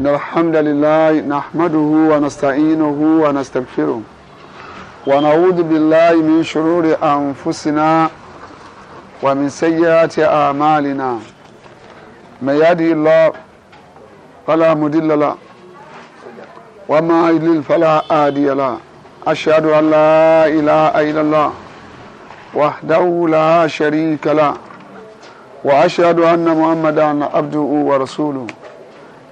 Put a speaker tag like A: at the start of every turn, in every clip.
A: إن الحمد لله نحمده ونستعينه ونستغفره ونعوذ بالله من شرور أنفسنا ومن سيئات أعمالنا من يهده الله فلا مضل له وما يضلل فلا هادي له أشهد أن لا إله إلا الله وحده لا شريك له وأشهد أن محمدا عبده ورسوله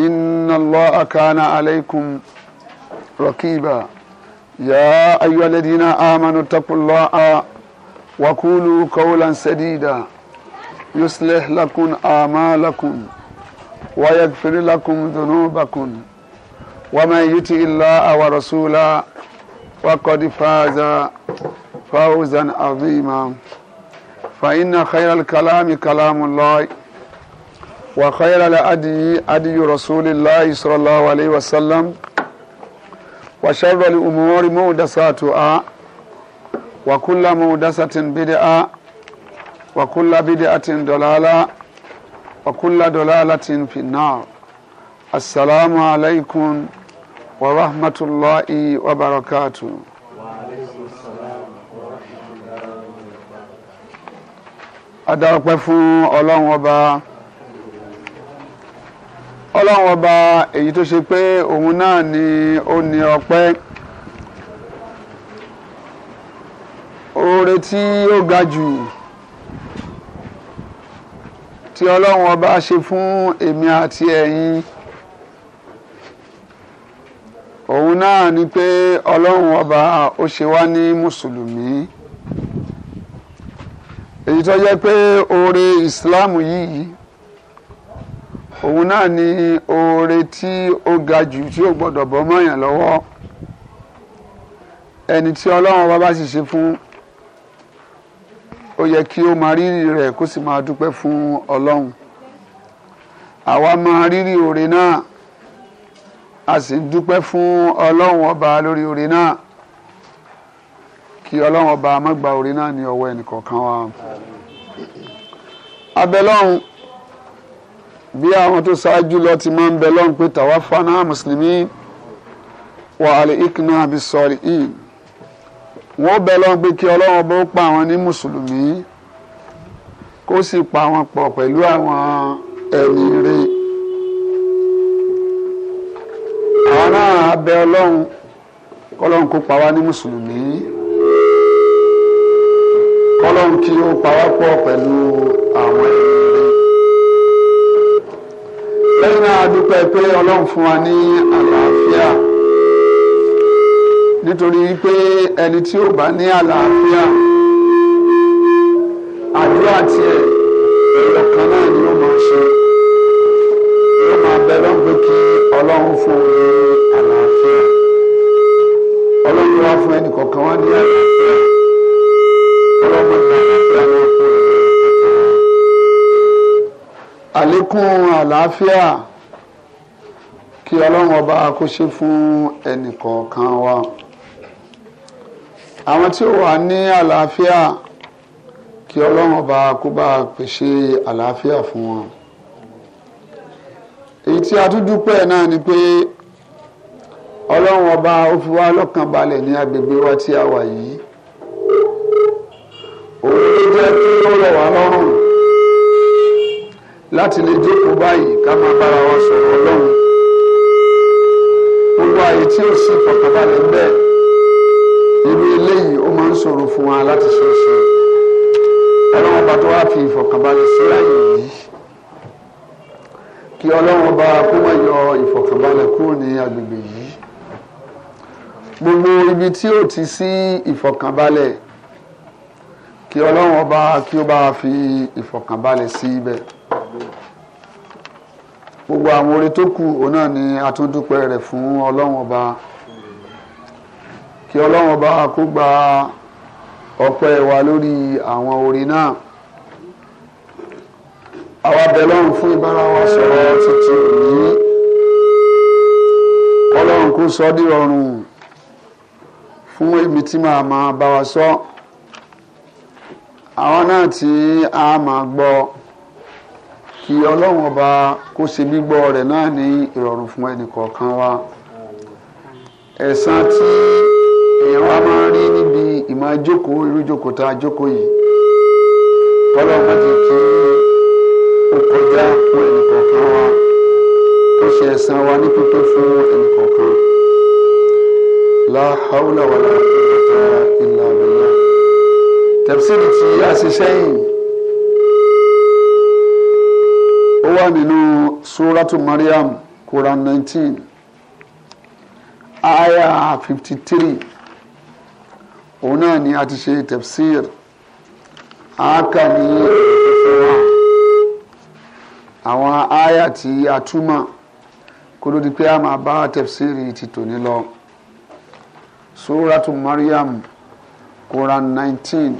A: إن الله كان عليكم رقيبا يا أيها الذين آمنوا اتقوا الله وقولوا قولا سديدا يصلح لكم أعمالكم ويغفر لكم ذنوبكم ومن يطع الله ورسوله وقد فاز فوزا عظيما فإن خير الكلام كلام الله وخير الأدي أدي رسول الله صلى الله عليه وسلم وشر الأمور مودساتها وكل مودسة بدعة وكل بدعة ضلالة وكل ضلالة في النار السلام عليكم ورحمة الله وبركاته
B: وعليكم السلام
A: ورحمة الله ọlọ́run ọba èyí tó ṣe pé òun náà ni ó ní ọpẹ́ oore tí ó ga jù tí ọlọ́run ọba ṣe fún èmi àti ẹ̀yin òun náà ni pé ọlọ́run ọba ó ṣe wá ní mùsùlùmí èyí tó jẹ́ pé oore ìsìláàmù yìí òun náà ni oore tí ó ga jù tí ó gbọ́dọ̀ bọ́ mọ́yàn lọ́wọ́ ẹni tí ọlọ́run bá bá sì ṣe fún ó yẹ kí ó máa rírì rẹ̀ kó sì máa dúpẹ́ fún ọlọ́run àwa máa rírì oore náà a sì ń dúpẹ́ fún ọlọ́run ọba lórí oore náà kí ọlọ́run ọba má oore náà ní ọwọ́ ẹnìkọ̀ọ̀kan wa abẹ́lọ́run bí àwọn tó ṣáájú lọ ti máa ń bẹ lọ́run pé tàwa fana mùsùlùmí wà á lè ikna àbí sọ̀rí ìn wọ́n bẹ lọ́run pé kí ọlọ́run bó pa àwọn ní mùsùlùmí kó sì pa wọn pọ̀ pẹ̀lú àwọn ẹ̀rí rẹ̀ àwọn náà bẹ ọlọ́run kọ́lọ́run kó pa wá ní mùsùlùmí kọ́lọ́run kí ó pa wá pọ̀ pẹ̀lú àwọn ẹ̀rí lẹ́yìn náà dúpẹ́ pé ọlọ́run fún wa ní àlàáfíà nítorí pé ẹni tí ó bá ní àlàáfíà àdúrà tiẹ̀ èèyàn kan náà ni ó máa ṣe ó máa bẹ lọ́gbẹ́ kí ọlọ́run fún un ní àlàáfíà ọlọ́run wá fún ẹnì kọ̀ọ̀kan wá ní àlàáfíà ọlọ́run ní
B: àlàáfíà náà.
A: àlékún àlàáfíà kí ọlọ́run ọba kó ṣe fún ẹnìkọ̀ọ̀kan wa àwọn tí ó wà ní àlàáfíà kí ọlọ́run ọba kó bá pèsè àlàáfíà fún wọn èyí tí a tún dúpẹ́ náà ni pé ọlọ́run ọba ó fi wá lọ́kàn balẹ̀ ní agbègbè wa tí a wà yìí òun ló jẹ́ kí ó rọ̀ wá lọ́rùn láti lè jókòó báyìí ká máa bára wa sọ̀rọ̀ ọlọ́run gbogbo àyè tí ò sí ìfọ̀kànbalẹ̀ bẹ́ẹ̀ irú eléyìí ó máa ń ṣòro fún wa láti ṣeéṣe ọlọ́run ọba tó wá fi ìfọ̀kànbalẹ̀ sí láyè yìí kí ọlọ́run ọba kó má yọ ìfọ̀kànbalẹ̀ kúrò ní agbègbè yìí gbogbo ibi tí ò ti sí ìfọ̀kànbalẹ̀ kí ọlọ́run ọba kí ó bá fi ìfọ̀kànbalẹ̀ sí ibẹ̀. Si gbogbo àwọn oore tó kù òun náà ni a tún dúpẹ́ rẹ̀ fún ọlọ́run ọba kí ọlọ́run ọba kó gba ọpẹ́ wa lórí àwọn oore náà àwa bẹ̀ lọ́run fún ìbára wa sọ̀rọ̀ títí òní ọlọ́run kó sọ dìrọ̀rùn fún èmi tí màá máa bá wa sọ àwọn náà tí a máa gbọ́. So kí ọlọ́run ọba kó ṣe gbígbọ́ rẹ̀ náà ní ìrọ̀rùn fún ẹnì kọ̀ọ̀kan wa ẹ̀san tí èèyàn wa máa rí níbi ìmáa jókòó irú jókòó tá a jókòó yìí ọlọ́run ti kí ó kọjá fún ẹnì kọ̀ọ̀kan wa ó ṣe ẹ̀san wa ní pípé fún ẹnì kọ̀ọ̀kan la haula wala quwwata illa billah tafsiri tí a ṣe sẹ́yìn. ó wà nínú suratu Maryam Quran nineteen aya fifty three òun náà ni a ti ṣe tafsir àákà ní ìfẹ́fẹ́wà àwọn aya tí a túmọ̀ kó ló di pé a máa bá tafsir ti tòní lọ suratu Maryam Quran nineteen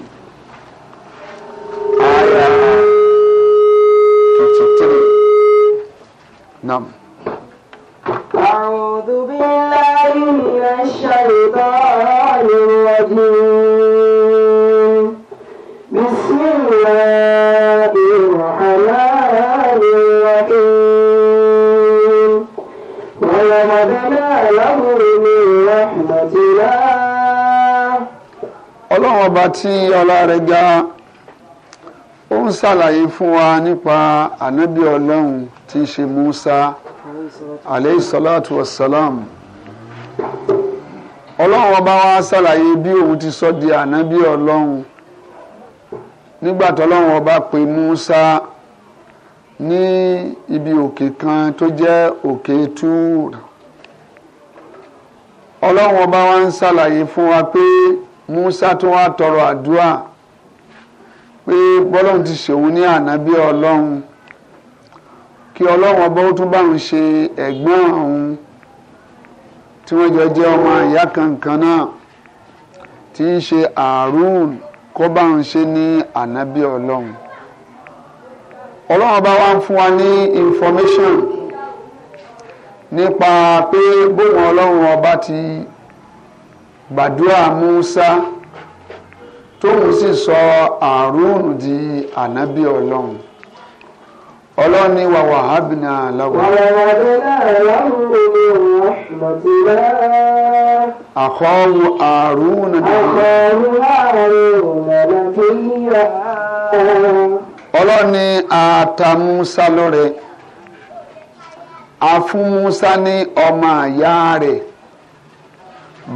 A: aya. نعم
B: أعوذ بالله من الشيطان الرجيم بسم الله الرحمن الرحيم ووهبنا له
A: من رحمتنا ọlọ́run ọba tí ọlá rẹ̀ ga ó ń ṣàlàyé fún wa nípa ànábì ọlọ́run tí í ṣe Musa aleyhi salatu wa salam ọlọ́run ọba wa ṣàlàyé bí òun ti sọ di ànábì ọlọ́run nígbà tọ́lọ́run ọba pe Musa ní ibi òkè kan tó jẹ́ òkè Túr ọlọ́run ọba wa ń ṣàlàyé fún wa pé Musa tó wá tọrọ àdúrà pé bọ́lọ́run ti ṣòun ní ànábí ọlọ́run kí ọlọ́run ọba ó tún bá òun ṣe ẹ̀gbọ́n òun tí wọ́n jọ jẹ́ ọmọ ìyá kankan náà tí í ṣe àrùn kó bá òun ṣe ní ànábí ọlọ́run ọlọ́run ọba wa ń fún wa ní information nípa pé bóun ọlọ́run ọba ti gbàdúrà Musa tóun sì sọ àrùn di ànábì ọlọ́run ọlọ́run ní wàwà hábìnà lọ́wọ́. wàwà hábìnà
B: lọ́wọ́ rahmatulá.
A: àkọ́wù àrùn náà. àkọ́wù àrùn nàlàkìyà. ọlọ́run ní àtàmúsá lóore àfúnmúsá ní ọmọ àyá rẹ̀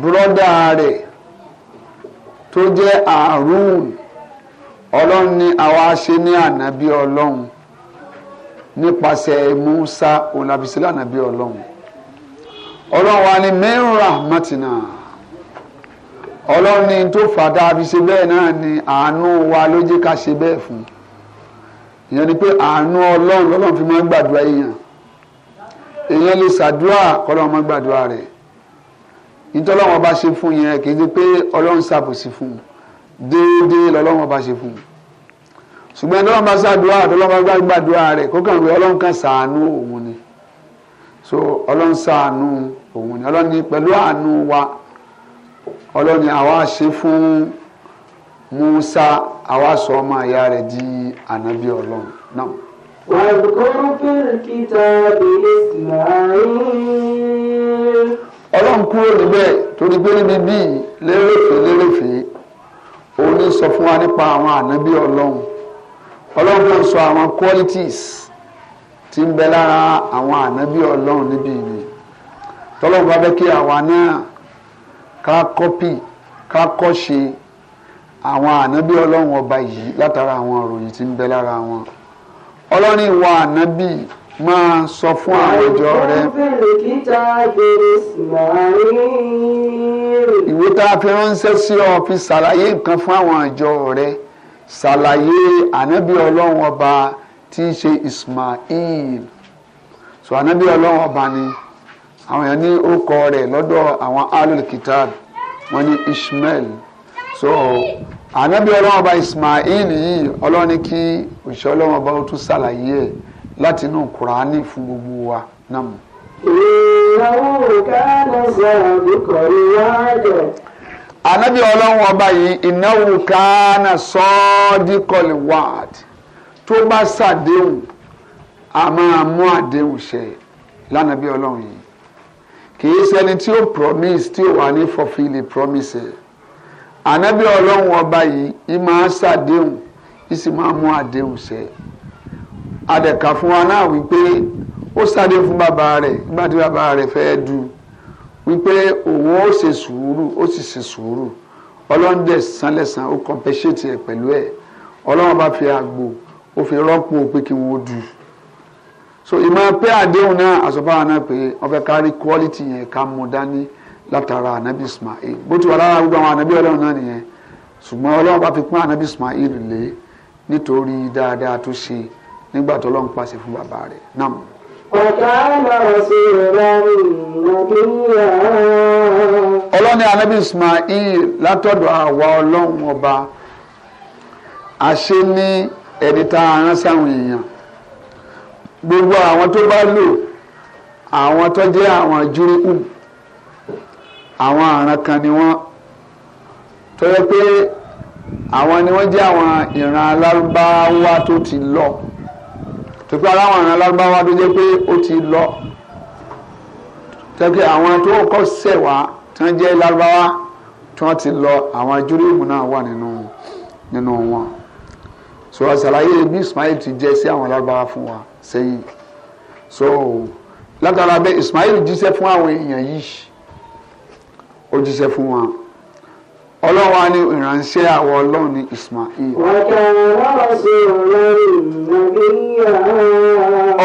A: bùrọ́dà rẹ̀ tó jẹ́ àrùn ọlọ́run ni àwa ṣe ní ànábì ọlọ́run nípasẹ̀ Musa olàbísílẹ̀ ànábì ọlọ́run ọlọ́run wa ni mẹ́rùnrà mọ́tìnà ọlọ́run ni tó fàdá fi ṣe bẹ́ẹ̀ náà ni àánú wa ló jẹ́ ká ṣe bẹ́ẹ̀ fún ìyẹn ni pé àánú ọlọ́run lọ́lọ́run fi máa ń gbàdúrà èèyàn èèyàn lè ṣàdúrà kọ́lọ́run máa ń gbàdúrà rẹ̀ ìtọ́lọ́wọ́n bá ṣe fún yẹn kì í ṣe pé ọlọ́run ṣàbòsí fún un déédéé lọ́lọ́run bá ṣe fún un ṣùgbọ́n ẹni ọlọ́run bá ṣàdúrà ọlọ́run bá gbàdúrà rẹ̀ kó kàn wí ọlọ́run kan ṣàánú òun ni so ọlọ́run ṣàánú òun ni ọlọ́run ni pẹ̀lú àánú wa ọlọ́run ni àwa ṣe fún Musa àwa sọ ọmọ ìyá rẹ̀ di ànábì ọlọ́run náà.
B: واذكر
A: في الكتاب ọlọ́run kúrò níbẹ̀ torí gbé níbi bíi lérèfé lérèfé òun ní sọ fún wa nípa àwọn ànábí ọlọ́run ọlọ́run náà sọ àwọn qualities tí ń bẹ lára àwọn ànábí ọlọ́run níbi ìlú tọ́lọ́run bá fẹ́ kí àwa náà ká kọ́pì ká kọ́ṣe àwọn ànábí ọlọ́run ọba yìí látara àwọn ìròyìn tí ń bẹ lára wọn ọlọ́run ìwà ànábí máa sọ fún àwọn ìjọ rẹ. ìwé tá a fi ránṣẹ́ sí ọ fi ṣàlàyé nǹkan fún àwọn ìjọ rẹ ṣàlàyé ànábì ọlọ́run ọba tí í ṣe Ismail so ànábì ọlọ́run ọba ni àwọn èèyàn ní orúkọ rẹ̀ lọ́dọ̀ àwọn alulkitab wọn ní Ishmael so ànábì ọlọ́run ọba Ismail yìí ọlọ́run ní kí òṣìṣẹ́ ọlọ́run ọba ó tún ṣàlàyé ẹ̀ láti inú kùránì fún gbogbo wa náà. ìnáwó kánà sọ̀rọ̀ kọ̀rí wájọ. ànábì ọlọ́run ọba yìí ìnáwó kánà sọ́ọ́dí kọ̀lì wáàdì tó bá ṣàdéhùn a máa mú àdéhùn ṣẹ lánàbí ọlọ́run yìí kì í ṣẹni tí ó promise tí ó wà ní fulfil promise ẹ̀ ànábì ọlọ́run ọba yìí ì máa ṣàdéhùn ì sì máa mú àdéhùn ṣẹ adẹ̀ka fún wa náà wípé ó sáré fún bàbá rẹ̀ nígbà tí bàbá rẹ̀ fẹ́ du wípé òun ó ṣe sùúrù ó sì ṣe sùúrù ọlọ́run sánlẹ̀sán ó compensate ẹ̀ pẹ̀lú ẹ̀ ọlọ́run bá fi àgbò ó fi rọ́pò pé kí wọ́n du so ìmọ̀ pé àdéhùn náà àsọ̀báwa náà pé wọ́n fẹ́ kárí quality yẹn ká mú dání látara anabi Ismail bó ti wà lára gbogbo àwọn anabi ọlọ́run náà nìyẹn ṣùgbọ́n ọlọ́run bá fi pín anabi Ismail lé nítorí dáadáa tó ṣe nígbà tó lọ́n pàṣẹ fún bàbá rẹ̀ náà. ọ̀kàlà rasulan nabiyya. ọlọ́ni anabi ismail látọ̀dọ̀ àwa ọlọ́run ọba àṣẹ ní ẹni tá a rán sáwọn èèyàn gbogbo àwọn tó bá lò àwọn tó jẹ́ àwọn júrìkù àwọn àràn kan ni wọ́n tó pé àwọn ni wọ́n jẹ́ àwọn ìran alárúbáwá tó ti lọ tó pé aláwọn àrùn alágbáwá tó jẹ́ pé ó ti lọ tẹ́kẹ́ àwọn tó kọ́ sẹ̀ wá tí wọ́n jẹ́ lárúbáwá tí wọ́n ti lọ àwọn júríìmù náà wà nínú nínú wọn so àṣàlàyé bí Ismail ti jẹ́ sí àwọn lárúbáwá fún wa sẹ́yìn so látara bẹ́ẹ̀ Ismail jíṣẹ́ fún àwọn èèyàn yìí ó jíṣẹ́ fún wọn ọlọ́run wa ní ìránṣẹ́ àwọn ọlọ́run ní Ismail.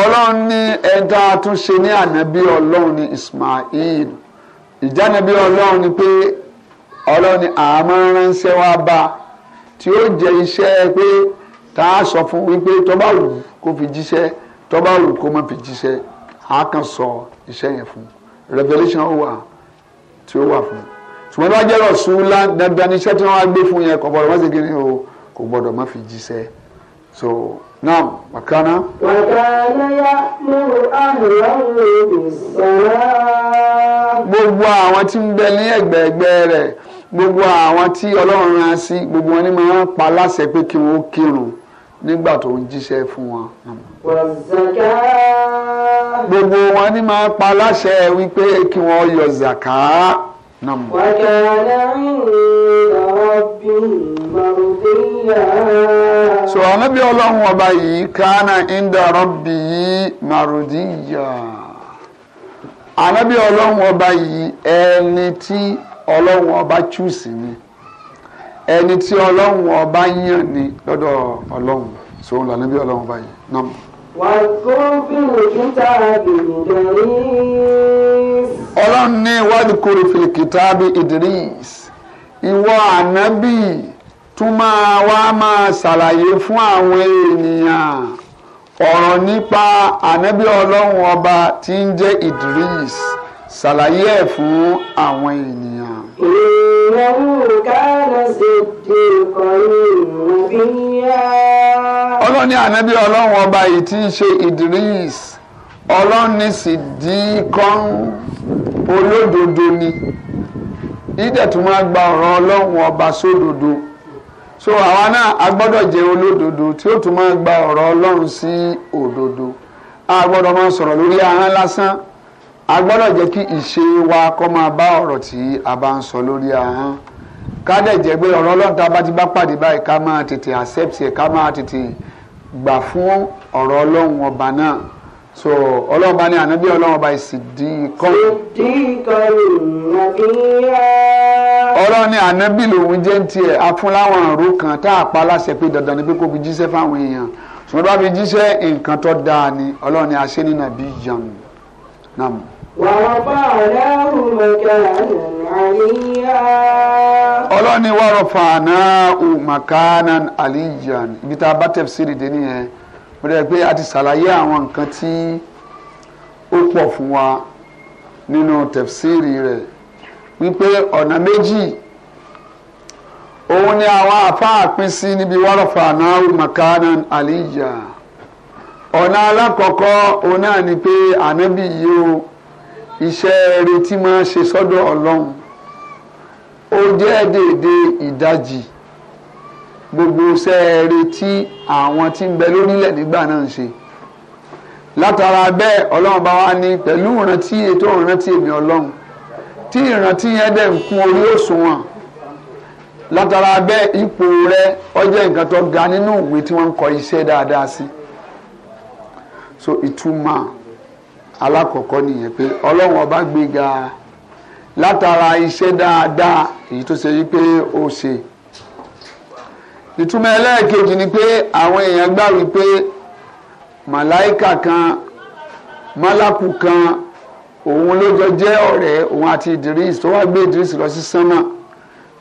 A: ọlọ́run ní ẹ̀dá àtúnṣe ní ànábí ọlọ́run ní Ismail ìjánabi ọlọ́run ni pé ọlọ́run ní àmọ́ ránṣẹ́ wá bá tí ó jẹ iṣẹ́ pé tá a sọ fún wípé tó bá wù fi jíṣẹ́ tó bá wù má fi jíṣẹ́ a kàn sọ iṣẹ́ yẹn fún revelation ó wà tí ó wà fún un ṣùgbọ́n bá jẹ́ rọ̀ṣúlá dandan ní iṣẹ́ tí wọ́n á gbé fún yẹn kò gbọ́dọ̀ má ṣe kí o kò gbọ́dọ̀ má fi jíṣẹ́ so now, makana.
B: makana ya
A: múru àmúhàmù ìsọ̀rọ̀. gbogbo àwọn tí ń bẹ ní ẹ̀gbẹ̀ẹ̀gbẹ́ rẹ̀ gbogbo àwọn tí ọlọ́run rán sí gbogbo wọn ni máa ń pa láṣẹ pé kí wọ́n kírun nígbà tó ń jíṣẹ́ fún wọn. gbogbo wọn ni máa ń pa láṣẹ wípé kí wọ́n yọ zàká. نعم وكان عند ربه مرضيا so anabi Ọlọ́run ọba yìí kánà ìndà rọbì yìí màrúdíyà anabi Ọlọ́run ọba yìí ẹni tí Ọlọ́run ọba chúùsì ni ẹni tí Ọlọ́run ọba yàn ni lọ́dọ̀ Ọlọ́run so ń lọ anabi Ọlọ́run ọba yìí náà. wàá kó bí òkúta àbìnrin dẹ̀rí ọlọ́run ní wadhkur fil kitabi Idris ìwọ ànábì tún máa wá máa ṣàlàyé fún àwọn ènìyàn ọ̀rọ̀ nípa ànábì ọlọ́run ọba tí ń jẹ́ Idris ṣàlàyé ẹ̀ fún àwọn ènìyàn. ìnáwó kánà ṣe dé
B: kọrin
A: ìmọ̀bíyá. ọlọ́ni ànábì ọlọ́run ọba yìí tí ń ṣe Idris ọlọ́ni sì dín kán olódodo ni ìdẹ̀ tó máa gba ọ̀rọ̀ ọlọ́run ọba sódodo so àwa náà a gbọ́dọ̀ jẹ́ olódodo tí ó tún máa gba ọ̀rọ̀ ọlọ́run sí òdodo a gbọ́dọ̀ máa sọ̀rọ̀ lórí ahọ́n lásán a gbọ́dọ̀ jẹ́ kí ìṣe wa kó máa bá ọ̀rọ̀ tí a bá ń sọ lórí ahọ́n ká dẹ̀ jẹ́ pé ọ̀rọ̀ ọlọ́run tá a bá ti bá pàdé báyìí ká máa tètè accept ẹ̀ ká máa tètè gbà fún ọ̀rọ̀ ọlọ́run ọba náà so ọlọ́run bá ní ànábí ọlọ́run bá ìsìdí kan. ọlọ́run ní ànábí lòun jẹ́ ń tiẹ̀ afúnláwọn ọ̀rọ̀ kan tá a pa láṣẹ pé dandan ni pé kó fi jíṣẹ́ fáwọn èèyàn ṣùgbọ́n bá fi jíṣẹ́ nǹkan tó dáa ni ọlọ́run ní aṣẹ́ ní nàbí yàn nàm. ọlọ́run ní wàrọ̀ fàánà ù màkánà àlìyàn ibi tá a bá tẹ̀síìrì dé nìyẹn mo dẹ̀ pé a ti ṣàlàyé àwọn nǹkan tí ó pọ̀ fún wa nínú tẹ̀fsíìrì rẹ̀ wípé ọ̀nà méjì òun ni àwọn àfáà pín sí níbi wárọ̀fà náà makana aliyah ọ̀nà alákọ̀ọ́kọ́ òun náà ni pé ànábì yìí o iṣẹ́ retí máa ṣe sọ́dọ̀ ọlọ́run ó jẹ́ déédéé ìdajì gbogbo sẹ́ẹ̀rì tí àwọn tí ń bẹ lórílẹ̀ nígbà náà ń ṣe látara bẹ́ẹ̀ ọlọ́run bá wá ní pẹ̀lú ìrántí ètò ìrántí èmi ọlọ́run tí ìrántí yẹn dẹ̀ ń kún orí òṣùwọ̀n látara bẹ́ẹ̀ ipò rẹ ọjọ́ nǹkan tó ga nínú ìwé tí wọ́n ń kọ iṣẹ́ dáadáa sí so ìtumọ̀ alákọ̀ọ́kọ́ nìyẹn pé ọlọ́run ọba gbéga látara iṣẹ́ dáadáa èyí tó ṣe yí pé ó ṣe ìtumọ̀ ẹlẹ́ẹ̀kejì ni pé àwọn èèyàn gbà wípé màláìkà kan málákù kan òun ló jọ jẹ́ ọ̀rẹ́ òun àti Idris tó wá gbé Idris lọ sí sánmà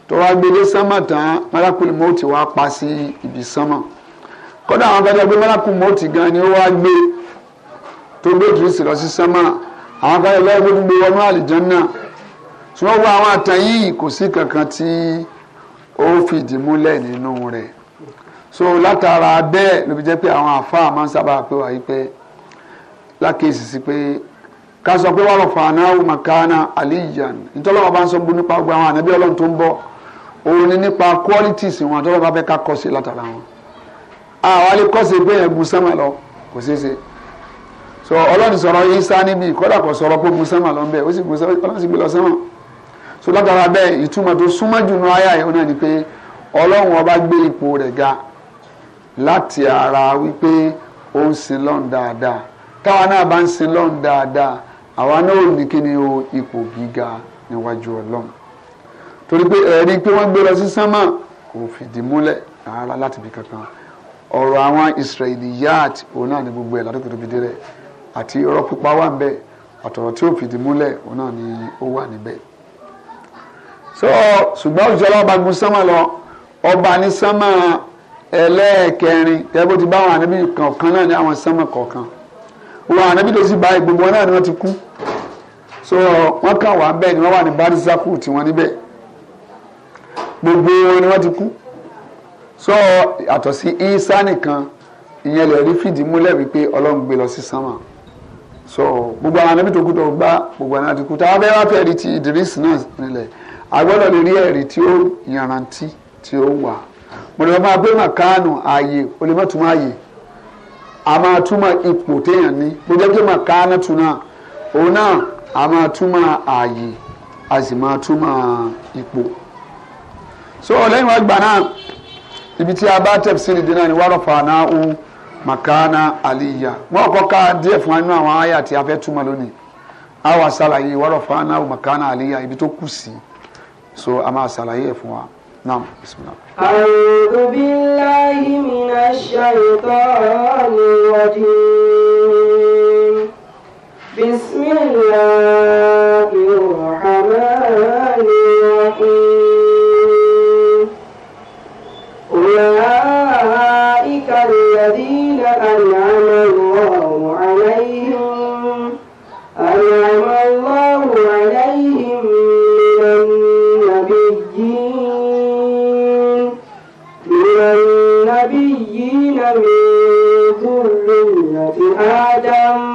A: tó wá gbé dé sánmà tán málákù ni mọ́ọ̀tì wá pa sí ibi sánmà kọ́dà àwọn akẹ́kọ̀ọ́ gbé málákù mọ́ọ̀tì gan ni ó wá gbé tó gbé Idris lọ sí sánmà àwọn akẹ́kọ̀ọ́ gbé gbogbo wọnú àlìjánná tí wọ́n wọ àwọn àtàn yìí kò sí kankan tí. Tí ó fìdí múlẹ̀ nínú rẹ̀ so látara bẹ́ẹ̀ ló fi jẹ́ pé àwọn àfáà máa ń sábà pé wà yí pé lákèésì sí pé ká sọ pé wàá rọ̀fà anáwó makana aliyan ìtọ́lọ́wọ́ bá ń sọ nípa gbogbo àwọn ànábí ọlọ́run tó ń bọ̀ òun ni nípa qualities wọn àtọ́lọ́wọ́ bá fẹ́ ká kọ́ sí látara wọn àwọn alẹ́ kọ́ sí pé yẹn gun sẹ́mà lọ kò ṣeé ṣe so ọlọ́run sọ̀rọ̀ yín sá níbi kọ́dà kò sọ̀rọ̀ pé gun sẹ́mà lọ ń bẹ̀ ó sì gun sẹ́mà ọlọ́run sì gbé lọ sẹ́mà so látara bẹ́ẹ̀ ìtumọ̀ tó súnmọ́ jù nù àyà yìí náà ni pé ọlọ́run ọba gbé ipò rẹ̀ ga láti ara wípé ó ń sin lọ́n dáadáa táwa náà bá ń sin lọ́n dáadáa àwa náà ò ní kí ni o ipò gíga níwájú ọlọ́run
B: torí pé ẹ̀rí pé wọ́n gbé lọ sí sánmà
A: kò fìdí múlẹ̀ rárá láti ibi kankan ọ̀rọ̀ àwọn Israeli yaat òun náà ni gbogbo ẹ̀ látòkè tó fi dé rẹ̀ àti ọ̀rọ̀ pípa wà ń bẹ̀ àtọ̀rọ̀ tí ò fìdí múlẹ̀ òun náà ni ó wà níbẹ̀ so ṣùgbọ́n òjijì ọlọ́ba gun sánmà lọ ọba ní sánmà ẹlẹ́ẹ̀kẹrin tẹ́gbó ti bá àwọn ànábì kọ̀ọ̀kan náà ní àwọn sánmà kọ̀ọ̀kan wọn ànábì tó sì bá gbogbo náà ni wọ́n ti kú so wọ́n kàn wá bẹ́ẹ̀ ni wọ́n wà ní barisaku tí wọ́n níbẹ̀ gbogbo wọn ni wọ́n ti kú so àtọ̀ sí isa nìkan ìyẹn lè rí fìdí múlẹ̀ wípé ọlọ́run gbé lọ sí sánmà so gbogbo àwọn ànábì tó kú tó gbá gbogbo àwọn ànábì tó kú tó abẹ́rẹ́ fẹ́ẹ́ di ti Idris náà nílẹ̀ a gbọ́dọ̀ lè rí ẹ̀rí tí ó yanrantí tí ó wà mo lè máa gbé màkánù ààyè o lè má túmọ̀ ààyè a máa túmọ̀ ipò téèyàn ní mo jẹ́ pé màkánù tún náà òun náà a máa túmọ̀ ààyè a sì máa túmọ̀ ipò so lẹ́yìn wá gbà náà ibi tí a bá tẹ̀síìrì dé náà ni wàá rọ̀fà náà ń màkánà àlìyà wọn kọ́ ká díẹ̀ fún wa nínú àwọn àyà tí a fẹ́ túmọ̀ lónìí a wà sàlàyé wàá rọ̀fà náà màkánà àlìyà ibi tó kù sí so a máa ṣàlàyé ẹ̀ fún wa naam bisimilah. a'udhu
B: billahi minash shaytanir rajim bismillahir rahmanir rahim. الصالحين من النبيين من ذرية آدم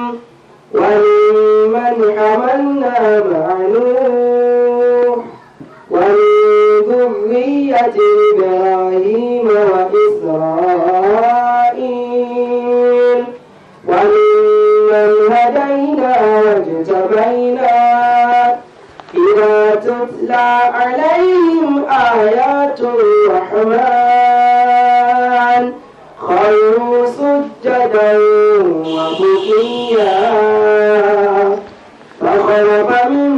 B: وممن حملنا مع نوح ومن ذرية إبراهيم وإسرائيل وممن هدينا واجتبينا إذا تتلى عليهم آيات الرحمن خروا سجدا وبكيا فخرب من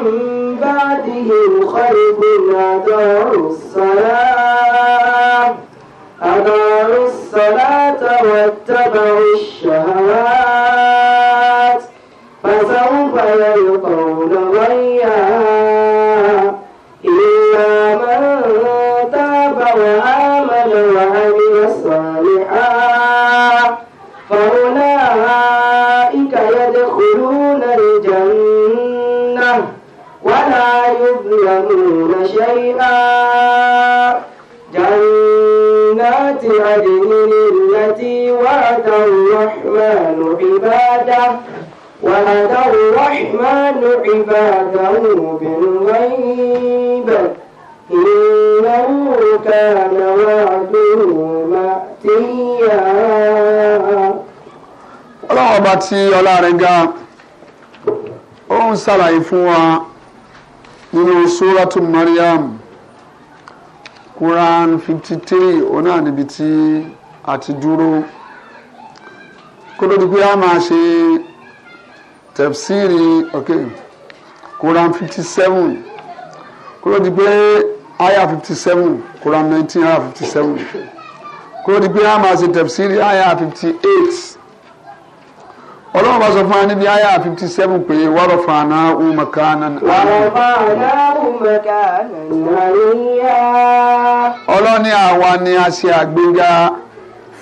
B: بعدهم خلف أداروا الصلاة أداروا الصلاة واتبعوا الشهوات يدخلون الجنة ولا يظلمون شيئا جنات عدن التي وعد الرحمن عباده وعد الرحمن عباده بالغيب إنه كان وعده
A: مأتيا ọlọ́run ọba tí ọlá rẹ̀ ga ó ń ṣàlàyé fún wa nínú suratu Maryam Quran fifty three ọ̀nà níbi tí a ti dúró kó ló di pé a máa ṣe tẹ̀fsíìrì okay Quran fifty seven kó ló di pé aya fifty seven Quran nineteen aya fifty seven kó ló di pé a máa ṣe tẹ̀fsíìrì aya fifty eight ọlọ́run bá sọ fún wa níbi àyà fifty seven pé wọ́rọ̀ fún àná umakanan. wọ́rọ̀ fún àná
B: umakanan
A: àríyá. ọlọ́run ní àwa ni a ṣe àgbéga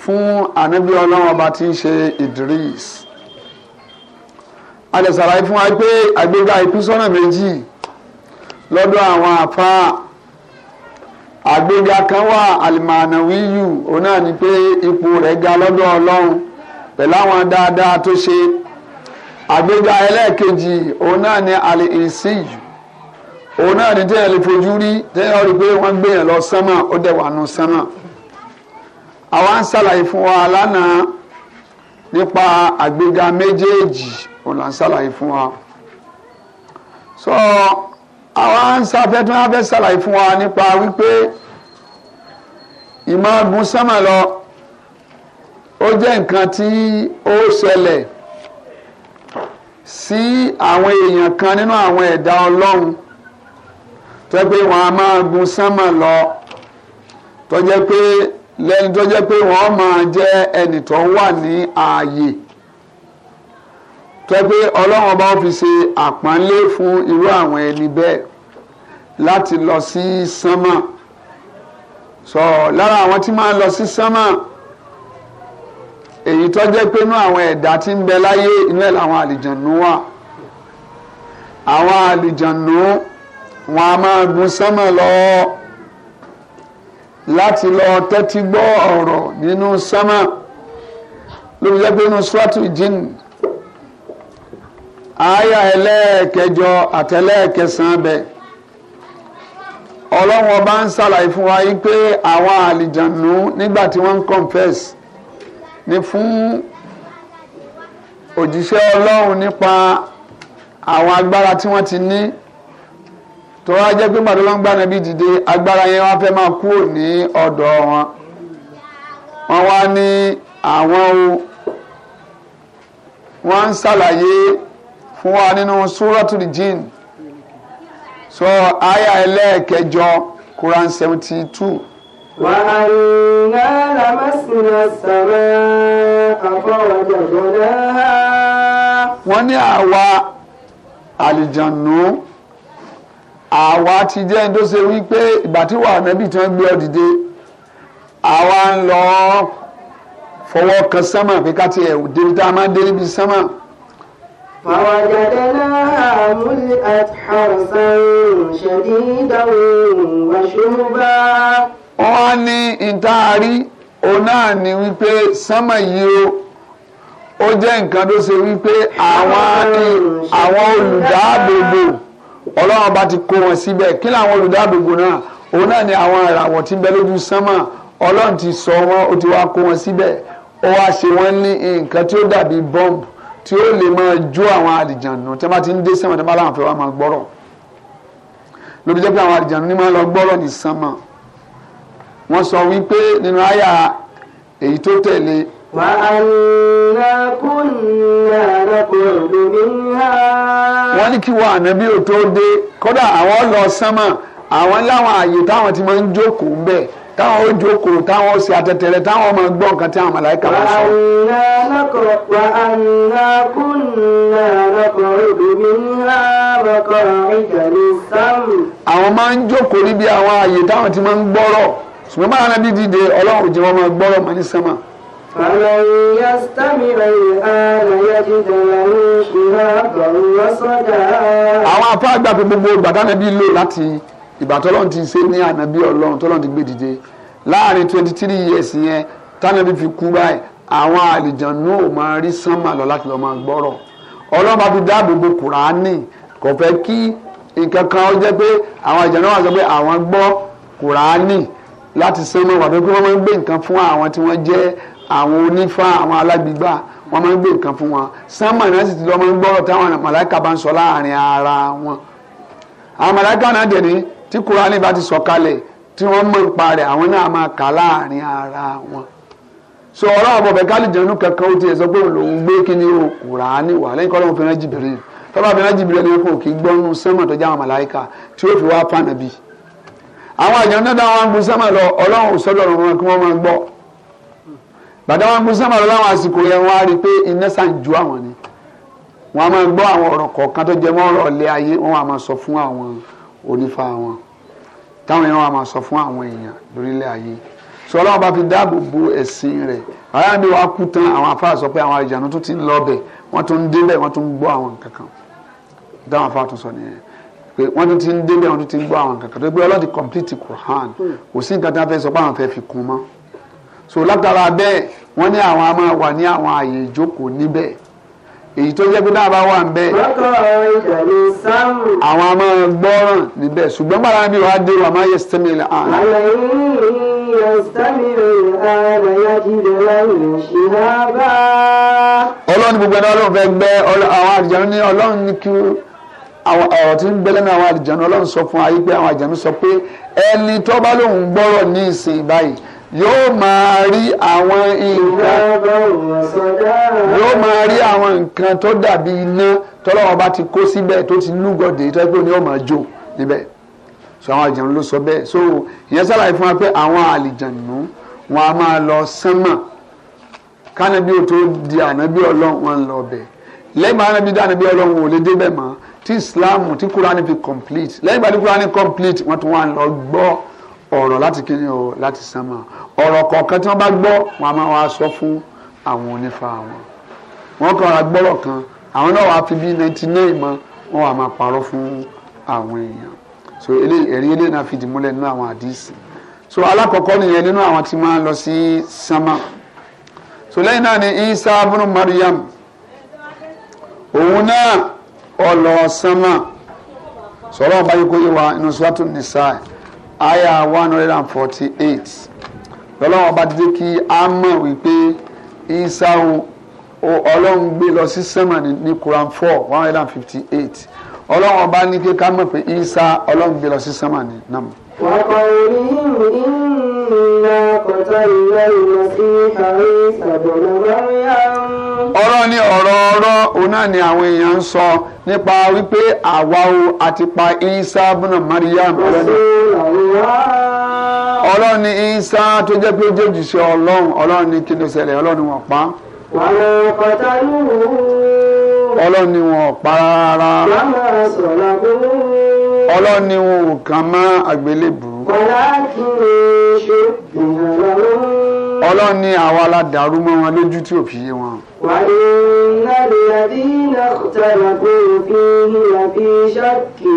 A: fún ànábì ọlọ́run ọba tí ń ṣe Idris. a lè ṣàlàyé fún wa pé àgbéga ìpínsọ́nà méjì lọ́dọ̀ àwọn àfáà àgbéga kan wà àlìmọ̀ọ́nà wíyù òun náà ni pé ipò rẹ̀ ga lọ́dọ̀ ọlọ́run pẹ̀lú àwọn dáadáa tó ṣe àgbéga ẹlẹ́ẹ̀kejì òun náà ni àlè ìsíyù òun náà ni téèyàn lè fojú rí téèyàn rí pé wọ́n gbé yẹn lọ sánmà ó dẹ̀ wà nù sánmà àwa ń ṣàlàyé fún wa lánàá nípa àgbéga méjèèjì òun là ń ṣàlàyé fún wa so àwa ń sáfẹ́ tí wọ́n fẹ́ ṣàlàyé fún wa nípa wípé ìmọ̀ ọgbọ́n sánmà lọ ó jẹ́ nǹkan tí ó ṣẹlẹ̀ sí àwọn èèyàn kan nínú àwọn ẹ̀dá ọlọ́run tó jẹ́ pé wọ́n á máa gun sánmà lọ tó jẹ́ pé lẹ́ni tó jẹ́ pé wọ́n máa jẹ́ ẹnì tó wà ní ààyè tó pé ọlọ́run ọba fi ṣe àpọ́nlé fún irú àwọn ẹni bẹ́ẹ̀ láti lọ sí sánmà sọ lára àwọn tí máa lọ sí sánmà. So, èyí tó jẹ́ pé inú àwọn ẹ̀dá tí ń bẹ láyé inú ẹ̀ làwọn àlìjànú wà àwọn àlìjànú wọn a máa gun sánmọ̀ lọ láti lọ tẹ́tí gbọ́ ọ̀rọ̀ nínú sánmọ̀ ló fi jẹ́ pé inú suratu jinn àyà ẹlẹ́ẹ̀kẹjọ àtẹlẹ́ẹ̀kẹsàn-án bẹ̀ ọlọ́run ọba ń ṣàlàyé fún wa yí pé àwọn àlìjànú nígbà tí wọ́n ń confess ni fún òjíṣẹ́ ọlọ́run nípa àwọn agbára tí wọ́n ti ní tó wá jẹ́ pé gbàdúrà ń gbà nàbí dìde agbára yẹn wọ́n fẹ́ máa kúrò ní ọ̀dọ̀ wọn wọ́n wá ní àwọn o wọ́n ń ṣàlàyé fún wa nínú súrọ́tùlì jinn sọ àyà ẹlẹ́ẹ̀kẹjọ Quran 72. وأنا
B: لمسنا السماء فوجدناها
A: wọ́n ní àwa àlìjànú àwa ti jẹ́ ẹni tó ṣe wípé ìgbà tí wà nẹ́bí tí wọ́n gbé ọ dìde àwa ń lọ fọwọ́ kan sánmà pé ká tiẹ̀ débi tá a máa ń dé níbi sánmà.
B: فوجدناها ملئت حرسا
A: شديدا وشهبا wọ́n á ní ìtaari òun náà ni wípé sánmà yìí ó ó jẹ́ nǹkan tó ṣe wípé àwọn olùdáàbòbò ọlọ́run bá ti kó wọn síbẹ̀ kí làwọn olùdáàbòbò náà òun náà ni àwọn ìràwọ̀ tí ń bẹ lójú sánmà ọlọ́run ti sọ wọn ó ti wá kó wọn síbẹ̀ ó wá ṣe wọn ní nǹkan tí ó dàbí bọ́ǹbù tí ó lè máa jó àwọn àlìjànù tí wọ́n bá ti ń dé sánmà tí wọ́n bá láwọn fẹ́ wá máa gbọ́rọ̀ lóbi jẹ́ pé àwọn àlìjànù ni máa lọ gbọ́rọ̀ ní sánmà wọ́n sọ wípé nínú àyà èyí tó tẹ̀lé. wà á nà kúnlẹ̀ lọ́kùnrin
B: mi ha. wọ́n
A: ní kí wọ́n ànábì ò tó dé kódà àwọn lọ sánmà àwọn láwọn àyè táwọn ti máa ń jókòó bẹ́ẹ̀ táwọn ó jókòó táwọn ó ṣe àtẹ̀tẹ̀rẹ̀ táwọn máa gbọ́ nǹkan tí àwọn màláìka máa sọ. wà á nà lọ́kọ̀ wà á nà kúnlẹ̀ lọ́kùnrin mi ha bọ̀kọ̀ ìjà ní sáàmù. àwọn máa ń jókòó níbi àwọn àyè táwọn ti máa ń gbọ́rọ̀ ṣùgbọ́n báwọn ẹbí dìde ọlọ́run jẹ́ wọn máa gbọ́rọ̀ mọ́ ní sẹ́mà. فمن
B: يستمع
A: الآن يجد له شهابا
B: وصدا. àwọn
A: afọ àgbà pé gbogbo ìgbà tánàbí lò láti ìgbà tọ́lọ́run ti ṣe ní ànábí ọlọ́run tọ́lọ́run ti gbé dìde láàrin twenty three years yẹn tánàbí fi kú báyìí àwọn àlìjànú ò máa rí sánmà lọ láti lọ́ọ́ máa gbọ́rọ̀ ọlọ́run bá fi dáàbò bo kùránì kò fẹ́ kí nǹkan kan ó jẹ́ pé àwọn àlìjànú wà sọ pé àwọn gbọ́ kùránì láti sánmọ̀ wà pé wọ́n máa ń gbé nǹkan fún àwọn tí wọ́n jẹ́ àwọn onífá àwọn alágbègbà wọ́n máa ń gbé nǹkan fún wọn sánmọ̀ náà sì ti lọ́ máa ń gbọ́rọ̀ táwọn màláìka bá ń sọ láàrin ara wọn. àwọn màláìka náà dẹ̀ ní tí Kùránì bá ti sọ kalẹ̀ tí wọ́n mọ̀ ń parẹ̀ àwọn náà máa kà láàrin ara wọn. so ọ̀rọ̀ àwọn ọ̀bẹ ká lè jẹun kankan ó tiẹ̀ sọ pé òun gbé kí ni o Kùránì wà lẹ́yìn kọ́ lọ́wọ́ fẹ́ràn jìbìrì tọ́ba fẹ́ràn kò kí gbọ́nú sánmọ̀ tó já àwọn màláìka tí ó fi wá fànàbí àwọn àjọ náà dá wọn gbúsẹ́mà lọ ọlọ́run sọ́dọ̀ wọn kí wọ́n máa gbọ́ bàtà wọn gbúsẹ́mà lọ láwọn àsìkò yẹn wọn á rí i pé iná sàn ju àwọn ni wọn á máa gbọ́ àwọn ọ̀rọ̀ kọ̀ọ̀kan tó jẹ mọ́ ọ̀rọ̀ ilé ayé wọn á máa sọ fún àwọn onífá wọn táwọn yẹn wọn á máa sọ fún àwọn èèyàn lórílẹ̀ ayé sọ ọlọ́run bá fi dáàbò bo ẹ̀sìn rẹ̀ àwọn wàá kú tán àwọn pé wọ́n tún ti ń délé wọ́n tún ti ń gbọ́ àwọn kankan tó gbé ọlọ́dì complete Quran hmm. kò sí nǹkan tí wọ́n fẹ́ sọ pé àwọn fẹ́ fi kún mọ́ so látara bẹ́ẹ̀ wọ́n ní àwọn a máa wà ní àwọn àyè ìjókòó níbẹ̀ èyí tó jẹ́ pé náà bá wà níbẹ̀ àwọn a máa gbọ́ràn níbẹ̀ ṣùgbọ́n bàrà bí wàá dé wà máa yẹ sẹ́mi ilẹ̀ àná. ọlọ́run gbogbo ẹni ọlọ́run fẹ́ gbẹ́ àwọn àjẹmí ní ọlọ́run ní kí àwọn ọ̀rọ̀ tí ń bẹ lẹ́nu àwọn àlìjánu ọlọ́run sọ fún ayé pé àwọn àlìjánu sọ pé ẹni tó bá lóun gbọ́rọ̀ ní ìsìn báyìí yóò máa rí àwọn nǹkan yóò máa rí àwọn nǹkan tó dàbí iná tọ́lọ́wọ́n bá ti kó síbẹ̀ tó ti lúgọ̀dẹ̀ tó pé ó ní ó máa jó níbẹ̀ so àwọn àlìjánu ló sọ bẹ́ẹ̀ so ìyẹn sàlàyé fún wa pé àwọn àlìjánu wọn a máa lọ sánmà kánàbí ò tó di ànábí ọlọ́run wọn lọ bẹ̀ lẹ́gbàá ànábí dá ànábí ọlọ́run ò lè débẹ̀ mọ́ tí islam tí kúránì fi complete lẹ́yìn ìgbà tí kúránì complete wọ́n tún wá ń lọ gbọ́ ọ̀rọ̀ láti kíni o láti sánmà ọ̀rọ̀ kọ̀ọ̀kan tí wọ́n bá gbọ́ wọn a máa wá sọ fún àwọn onífá wọn wọn kàn ra gbọ́rọ̀ kan àwọn náà wàá fi bí ninety nine mọ wọn wàá máa parọ́ fún àwọn èèyàn so ẹ̀rí eléyìí náà fìdí múlẹ̀ nínú àwọn àdìsí so alákọ̀ọ́kọ́ nìyẹn nínú àwọn tí máa ń lọ sí sánmà so lẹ́yìn náà ni isa abunu mariam òun náà. ọlọ sánmà sọlọ ọba yìí kò yé wa inú sùwàtún nìsa àyà one a mọ̀ wípé isa ọlọ́run gbé lọ sí sánmà ní Quran four one hundred and fifty eight ọlọ́run ní kí ká mọ̀ pé isa ọlọ́run gbé lọ sí ní nàmú. ọ̀rọ̀ ni ọ̀rọ̀ ọ̀rọ̀ òun náà ni àwọn èèyàn ń sọ nípa wípé àwa o àti pa Isa bùnà Mariam lẹ́nu. ọ̀rọ̀ ni Isa tó jẹ́ pé jẹ́jì sí ọlọ́run ọlọ́run ni kí ló ṣẹlẹ̀ ọlọ́run wọ́n pa. wàlẹ̀ kọjá yóò ọlọ́run ni wọn ò pa rárá. ọlọ́run ni wọn ò kàn mọ́ àgbélébùú.
B: kọ́lá kí n ṣe ìrànlọ́wọ́
A: ọlọ́run ní àwa la dàrú mọ́ wọn lójú tí ò fi yé wọn.
B: wà á ní nàbẹ̀rẹ̀
A: náà tẹ̀lé pé òfin àfi ṣọ́ọ̀kì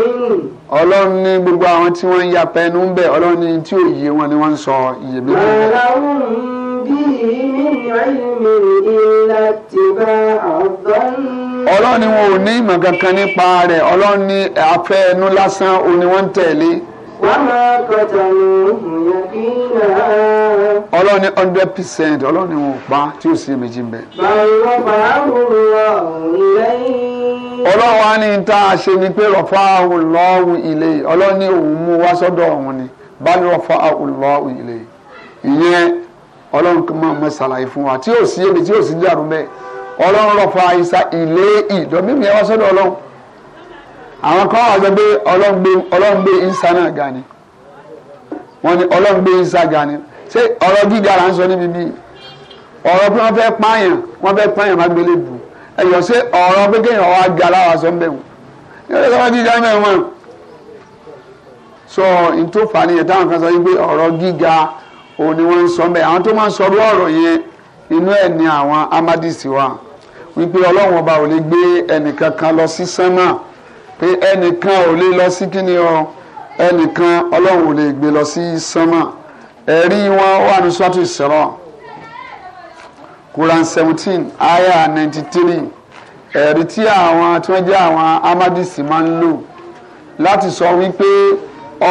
A: nínú. ọlọ́run ní gbogbo àwọn tí wọ́n ń ya pẹ́ẹ́nú ń bẹ̀ ọlọ́run ní tí ò yé wọn ni wọ́n ń sọ iyèméjì.
B: àlàó bí ìmìnira ìlà tìbà ọ̀gbọ́n.
A: ọlọ́run ni wọn ò ní ìmọ̀ kankan nípa rẹ̀ ọlọ́run ní afẹ́ ẹnu lásán òun ni wọ́n ń tẹ̀lé ọlọ́ni hundred percent ọlọ́ni wọn ò pa tí ò sí méjì ń bẹ. ọlọ́run á ní tá a ṣe ni pé rọ̀fà ọlọ́run ilé ọlọ́ni òun mú wá sọ́dọ̀ òun ni bá ní rọ̀fà ọlọ́run ilé ìyẹn ọlọ́run kan máa mọ ṣàlàyé fún wa tí ò sí èmi tí ò sí dàrú bẹ́ẹ̀ ọlọ́run rọ̀fà ìsa ilé ìdọ́mímì ẹ wá sọ́dọ̀ ọlọ́run àwọn kan wà gbẹgbẹ ọlọ́ngbé ìsá náà ga ni wọ́n ní ọlọ́ngbé ìsá ga ni ṣé ọ̀rọ̀ gíga là ń sọ níbi bíi ọ̀rọ̀ pé wọ́n fẹ́ pààyàn wọ́n fẹ́ pààyàn má gbélé bù ẹ̀yọ́ ṣé ọ̀rọ̀ pé kéèyàn wá ga láwa sọ ń bẹ̀ wọ́n ẹ̀rọ sọ́wọ́n gíga náà wọ́n sọ ìtòfà nìyẹn táwọn kan sọ yìí pé ọ̀rọ̀ gíga òun ni wọ́n ń sọ ń bẹ̀ àwọn tó máa ń sọ ọ̀rọ̀ yẹn inú ẹ̀ ni àwọn amadisi wà wípé ọlọ́run ọba ò lè gbé ẹnìkankan lọ sí sánmà. Si pé ẹnìkan ò lè lọ sí kíni o ẹnìkan ọlọ́run ò lè gbé lọ sí sánmà ẹ̀rí wọn wà ní sọ́tù ìsọ̀rọ̀ Quran seventeen ayah ninety three ẹ̀rí tí àwọn tí wọ́n jẹ́ àwọn amadisi máa ń lò láti sọ wípé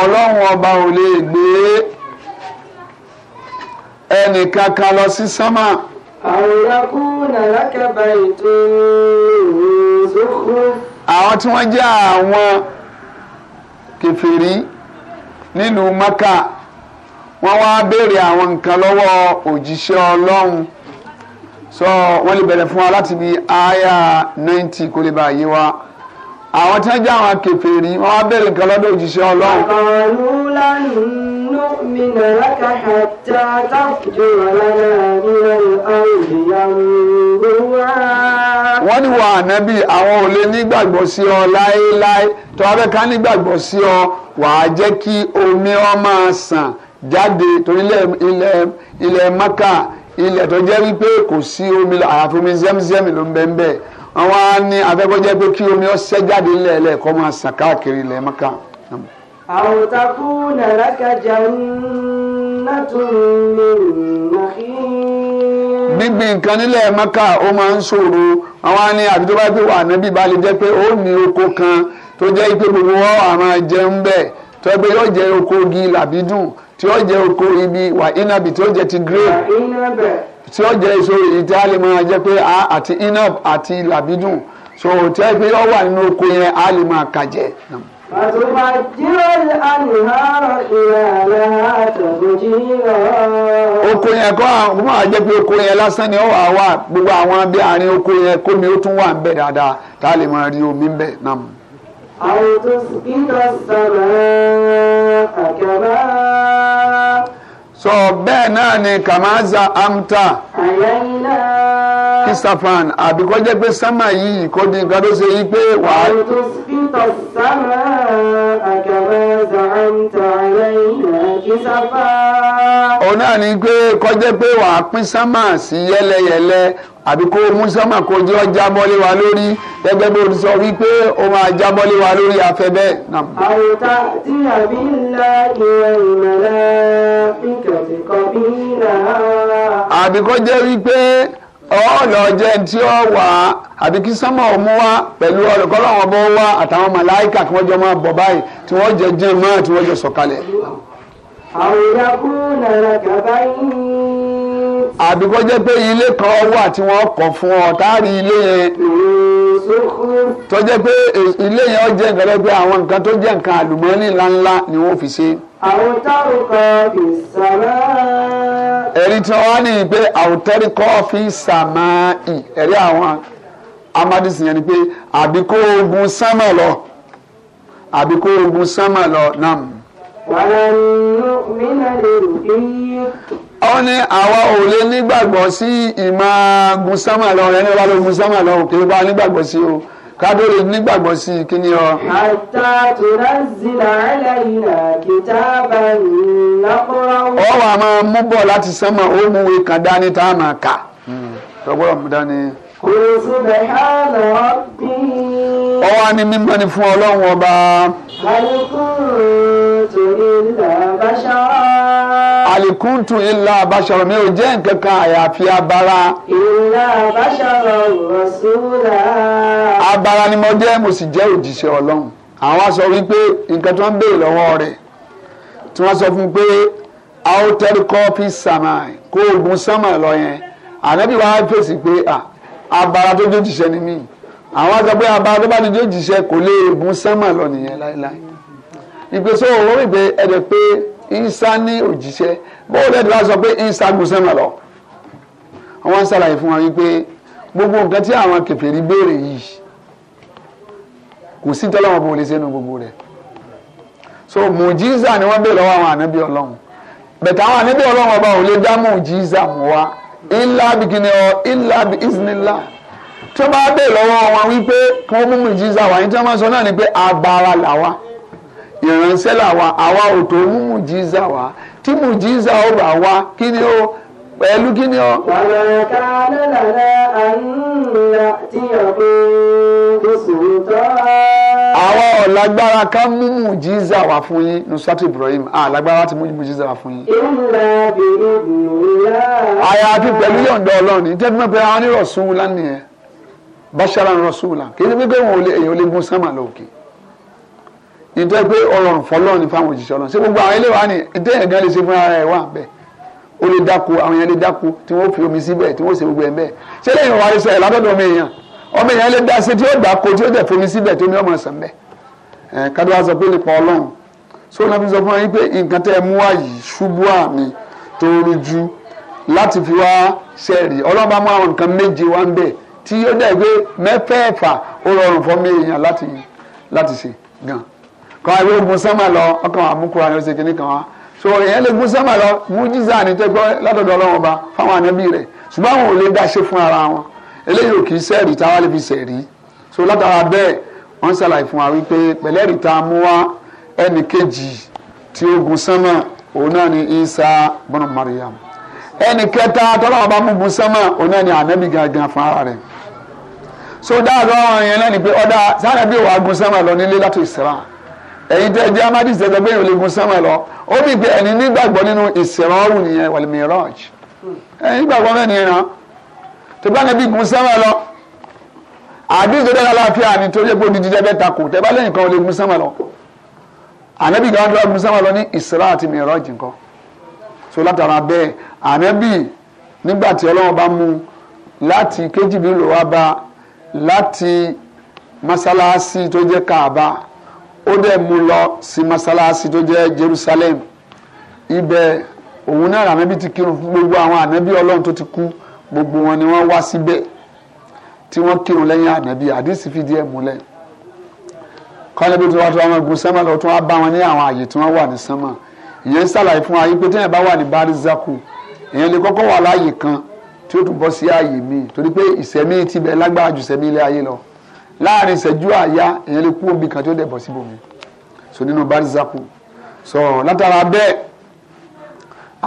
A: ọlọ́run ọba ò lè gbé ẹnìkan kan lọ sí sánmà.
B: àwòrán kúrò nàlákàbà ètò
A: ìròyìn tó àwọn tí wọ́n jẹ́ àwọn kèfèrí nílùú Maka wọ́n wá béèrè àwọn nǹkan lọ́wọ́ òjíṣẹ́ Ọlọ́run sọ wọ́n lè bẹ̀rẹ̀ fún wa láti bí aya ninety kó lè bá yé wa àwọn tí wọ́n jẹ́ àwọn kèfèrí wọ́n wá béèrè nǹkan lọ́dọ̀ òjíṣẹ́ Ọlọ́run.
B: نؤمن لك حتى
A: تفجر لنا من الأرض ينبوعا wọ́n ní wọ ànábì àwọn ò lè nígbàgbọ́ sí ọ láéláé tó abẹ́ ká nígbàgbọ́ sí ọ wàá jẹ́ kí omi ọ máa sàn jáde torí ilẹ̀ maka ilẹ̀ tó jẹ́ wípé kò sí omi àyàfi omi zẹ́mzẹ́m ló ń bẹ ń bẹ̀ wọ́n á ní afẹ́kọ́jẹ́ pé kí omi ọ sẹ́ jáde ńlẹ̀ ẹ̀lẹ́ kó máa sàn káàkiri ilẹ̀ maka.
B: أو تكون لك جنة من نخيل
A: gbígbin nǹkan nílẹ̀ mẹ́kà ó máa ń ṣòro àwọn àni àbí tó bá pè wà níbí bá jẹ́ pé ó ní oko kan tó jẹ́ pé gbogbo wọn àmọ́ jẹun bẹ́ẹ̀ tó yẹ yóò jẹ oko igi làbídùn tí ó jẹ oko ibi wà inabi tí ó jẹ ti grape tí ó jẹ èso èyí tí a lè máa jẹ pé a àti inab àti làbídùn so tí ó yẹ pé yóò wà nínú oko yẹn a lè máa kà jẹ. oko yẹn kọ́ àwọn máa jẹ́ pé yẹn lásán ni ó wà wá gbogbo àwọn bí àárín oko yẹn kómi ó tún wà ń dáadáa tá a lè máa rí omi ń náà. àwọn sọ bẹ́ẹ̀ náà ni amta. sàfàn àbí kó jẹ́ pé sánmà yìí kó di nǹkan tó ṣe yí pé wà á.
B: ètò peter sábà àkàrà zàǹtà àlẹ́yìn kí sábà.
A: òun náà ni pé kó jẹ́ pé wà á pín sánmà sí yẹ́lẹ́yẹ́lẹ́ àbí kó mú sánmà kó jẹ́ ó jábọ́lé wa lórí gẹ́gẹ́ bó ti sọ wípé ó máa jábọ́lé wa lórí afẹ́ bẹ́ẹ̀. àwòtá
B: tí àbí ńlá ìwẹ̀ ìmọ̀lẹ́ ìkẹ̀tì kan bí
A: náà. àbí jẹ́ wípé ọ̀ọ́lọ́ jẹ́ tí ó wà àbí kí sánmọ̀ ó mú wá pẹ̀lú ọ̀rọ̀ kọ́lọ́wọ́n bó wá àtàwọn màláìkà kí wọ́n jọ máa bọ̀ báyìí tí wọ́n jẹ jẹ́ mọ́ tí wọ́n jọ sọ̀kalẹ̀. àbí kó jẹ́ pé ilé kan wà tí wọ́n kọ́ fún ọ táàrí ilé yẹn tó jẹ́ pé ilé yẹn ó jẹ́ nǹkan lẹ́gbẹ̀ẹ́ àwọn nǹkan tó jẹ́ nǹkan àlùmọ́ọ́nì ńláńlá ni wọ́n fi ṣe
B: àwòtárò fi sàmà.
A: ẹ̀rí tí wọ́n wá ní pé àwòtárò kan fi sàmà ì ẹ̀rí àwọn amadisi yẹn ni pé àbí kó ogun sánmà lọ àbí ogun sánmà lọ nam. wàhálà nínú mi náà lè rò pé yíyé ó ní àwa ò lè nígbàgbọ́ sí ìmọ̀ gùnsámà lọ ẹni wà ló gùnsámà lọ òkè bá nígbàgbọ́ sí o kádóre nígbàgbọ́ sí i kíní ọ. hatta tunazzila alayna kitaban naqra'u. ọ wà máa mú bọ̀ láti sánmà ó mú ìwé kan dání tá a máa kà. tọ́gbọ́dọ̀ hmm. mú dání. qul subhana rabbi. ọ wá ní mímọ́ ni fún ọlọ́run ọba.
B: hal kuntu illa bashara
A: àlìkúntù illa abáṣọrọ mi ò jẹ́ nǹkan kan àyàfi abara. ilà abáṣọrọ rọ̀ṣúlà. abara ni mo jẹ́ mo sì jẹ́ òjìṣẹ́ ọlọ́run àwọn sọ wípé nǹkan tí wọ́n ń béèrè lọ́wọ́ rẹ̀ tí wọ́n sọ fún un pé aotẹ́rìkọ́pì sàmáì kó o gun sánmà lọ yẹn ànábì wàá fèsì pé abara tó jójìṣẹ́ ni mí àwọn sọ pé abara tó bá ti jójìṣẹ́ kò lè gun sánmà lọ nìyẹn láéláé ìgbésẹ̀ òwúrò ìgbé ẹ̀dẹ̀ pé. Ìsá ní òjíṣẹ́ bóun lẹ́dọ̀ wá sọ pé Ìsá gùn sẹ́mà lọ. wọ́n ṣàlàyé fún wa wípé gbogbo nǹkan tí àwọn kèfèrí béèrè yìí kò sí tọ́lọ́wọ́n bó lè ṣe nu gbogbo rẹ̀ so mùjíza ni wọ́n bè lọ́wọ́ àwọn ànábì ọlọ́run bẹ̀tẹ̀ àwọn ànábì ọlọ́run ọba ò lè dá mùjíza mú wa ilá bikini ọ ilá bi iznilá tí wọ́n bá bè lọ́wọ́ wọn wípé kí wọ́n mú mùjíza wá ìránṣẹ́ làwa àwa ò tó mú mùjíza wá tí mùjíza ó bá wá kí ni ó pẹ̀lú kí ni ó. wàlẹ̀ ká lẹ́lẹ̀ àyíǹda tí
B: ọ̀gbìn lóṣù tó.
A: àwa ò lágbára ká mú mùjíza wá fún yín nusrat Ibrahim à lágbára ti mú mùjíza wá fún yín.
B: ìlà bìrì bìrì yá. àyàfi pẹ̀lú
A: yọ̀ǹda Ọlọ́run ní tẹ́tí mẹ́pẹ́ àwọn onírọ̀sùn wúlá nìyẹn báṣára ń rọ̀ sùn kí ni pé wọn nítorí pé ọrọ̀rùn fọlọ́ ní fáwọn òṣìṣẹ́ ọlọ́run ṣé gbogbo àwọn eléwàá ni ìdí ẹ̀gá lè ṣe fúnra rẹ̀ wà bẹ́ẹ̀ ó lè dáko àwọn èèyàn lè dáko tí wọ́n fi omi síbẹ̀ tí wọ́n ṣe gbogbo ẹ̀ bẹ́ẹ̀ ṣé lẹ́yìn wàá ṣe ìlàdọ́dọ̀ ọmọ èèyàn ọmọ èèyàn lè dá sí tí ó gbà ko tí ó dẹ̀ fomi síbẹ̀ tó ní ọmọ sàn bẹ́ẹ̀ ẹ̀ kádọ́ wa sọ pé nípa ọlọ́run so náà fi sọ fún wa pé nǹkan tẹ́ ẹ mú wá ṣubú àmì tó rújú láti fi wá ṣe gan-an kọ́ ayé ogun lọ ọkàn àmúkúra ni ó kan so èèyàn lè lọ mújísà ni tó gbọ́ látọ̀dọ̀ ọlọ́run ọba fáwọn ànábì rẹ̀ ṣùgbọ́n àwọn ò lè ṣe fún ara wọn eléyìí ò kì í sẹ́ẹ̀rì táwa lè so látara bẹ́ẹ̀ wọ́n ṣàlàyé fún wa wípé a mú ẹnì kejì tí ó gun sánmà òun Mariam ẹnì kẹta bá mú gun sánmà òun náà ni ẹ̀yin tẹ́ jẹ́ amadi ṣẹ̀ṣẹ̀ pé èèyàn lè gun sánmà lọ ó bì pé ẹni nígbàgbọ́ nínú ìsìnrọ́rù nìyẹn wàlìmíràn ẹ̀yin gbàgbọ́ mẹ́ni ẹ̀ràn tó bá níbi gun sánmà lọ àdìsí tó dára ni tó yẹ kó dídí dẹ́bẹ́ takò tẹ́ bá lẹ́yìn kan lè gun sánmà lọ ànábì kan tó bá gun sánmà lọ ní ìsìnrọ́ àti mìíràn jì nǹkan so látara bẹ́ẹ̀ ànábì nígbà tí ọlọ́run bá mú láti kéjì bí lò wá bá láti mọ́sálásí tó jẹ́ káàbá ó dẹ̀ mú lọ sí masalasi tó jẹ́ Jerusalem ibẹ̀ òun náà ànábì ti kírun fún gbogbo àwọn ànábì ọlọ́run tó ti kú gbogbo wọn ni wọ́n wá síbẹ̀ tí wọ́n kírun lẹ́yìn ànábì àdìsí fìdí ẹ̀ múlẹ̀ kọ́lẹ́bí tí wọ́n tó àwọn ogun sẹ́mà lọ tí wọ́n bá wọn ní àwọn àyè tí wọ́n wà ní sẹ́mà ìyẹn sàlàyé fún wa yìí pé téèyàn bá wà ní barizaku ìyẹn lè kọ́kọ́ wà láàyè kan tí ó tún bọ́ sí àyè míì torí pé ìsẹ̀mí ti bẹ̀ lágbára ju ìsẹ̀mí ilé ayé lọ láàrin ìṣẹ́jú àyá èèyàn lè kú omi kan tí ó dẹ̀ bọ̀ síbòmí so nínú barisaku so látara bẹ́ẹ̀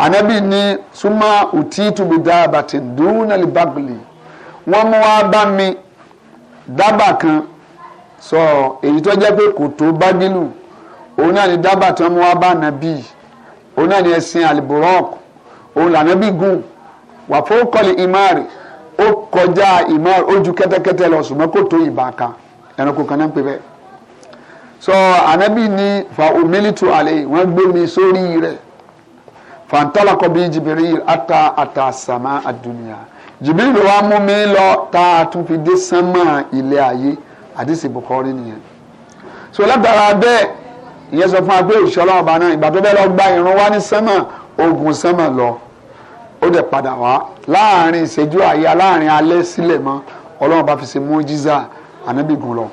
A: ànábì ní súnmọ́ òtí túbi dáàbà tí dúnàlì bàgùlì wọ́n mú wá bá mi dábà kan so èyí tó jẹ́ pé kò tó bágínú òun náà ni dábà tí wọ́n mú wá bá ànábì òun náà ni ẹṣin àlìbùrọ́ọ̀kù òun lànábì gùn wà fún kọ́lì ìmáàrì ó kọjá ìmọ̀ ojú kẹ́tẹ́kẹ́tẹ́ lọ ṣùgbọ́n kò tó ìbàkan ẹranko kan náà ń pè bẹ́ẹ̀ so anabi ni fa omilitu ale wọ́n gbé mi sórí rẹ̀ fantalakọ bíi jibiril ata ata sama adunia jibiril wa mú mi lọ tá a tún fi dé sánmà ilé ayé àdìsí bukọrí nìyẹn so látara bẹ́ẹ̀ ìyẹn sọ fún wa pé òṣìṣẹ́ ọlọ́run ọba náà ìgbà tó bẹ́ẹ̀ lọ gba ìrún wá ní sánmà ogun sánmà lọ ó dẹ̀ padà wá láàrin ìṣẹ́jú àyà láàrin alẹ́ sílẹ̀ mọ́ ọlọ́run bá fi ṣe mújísà ànábì gùn lọ.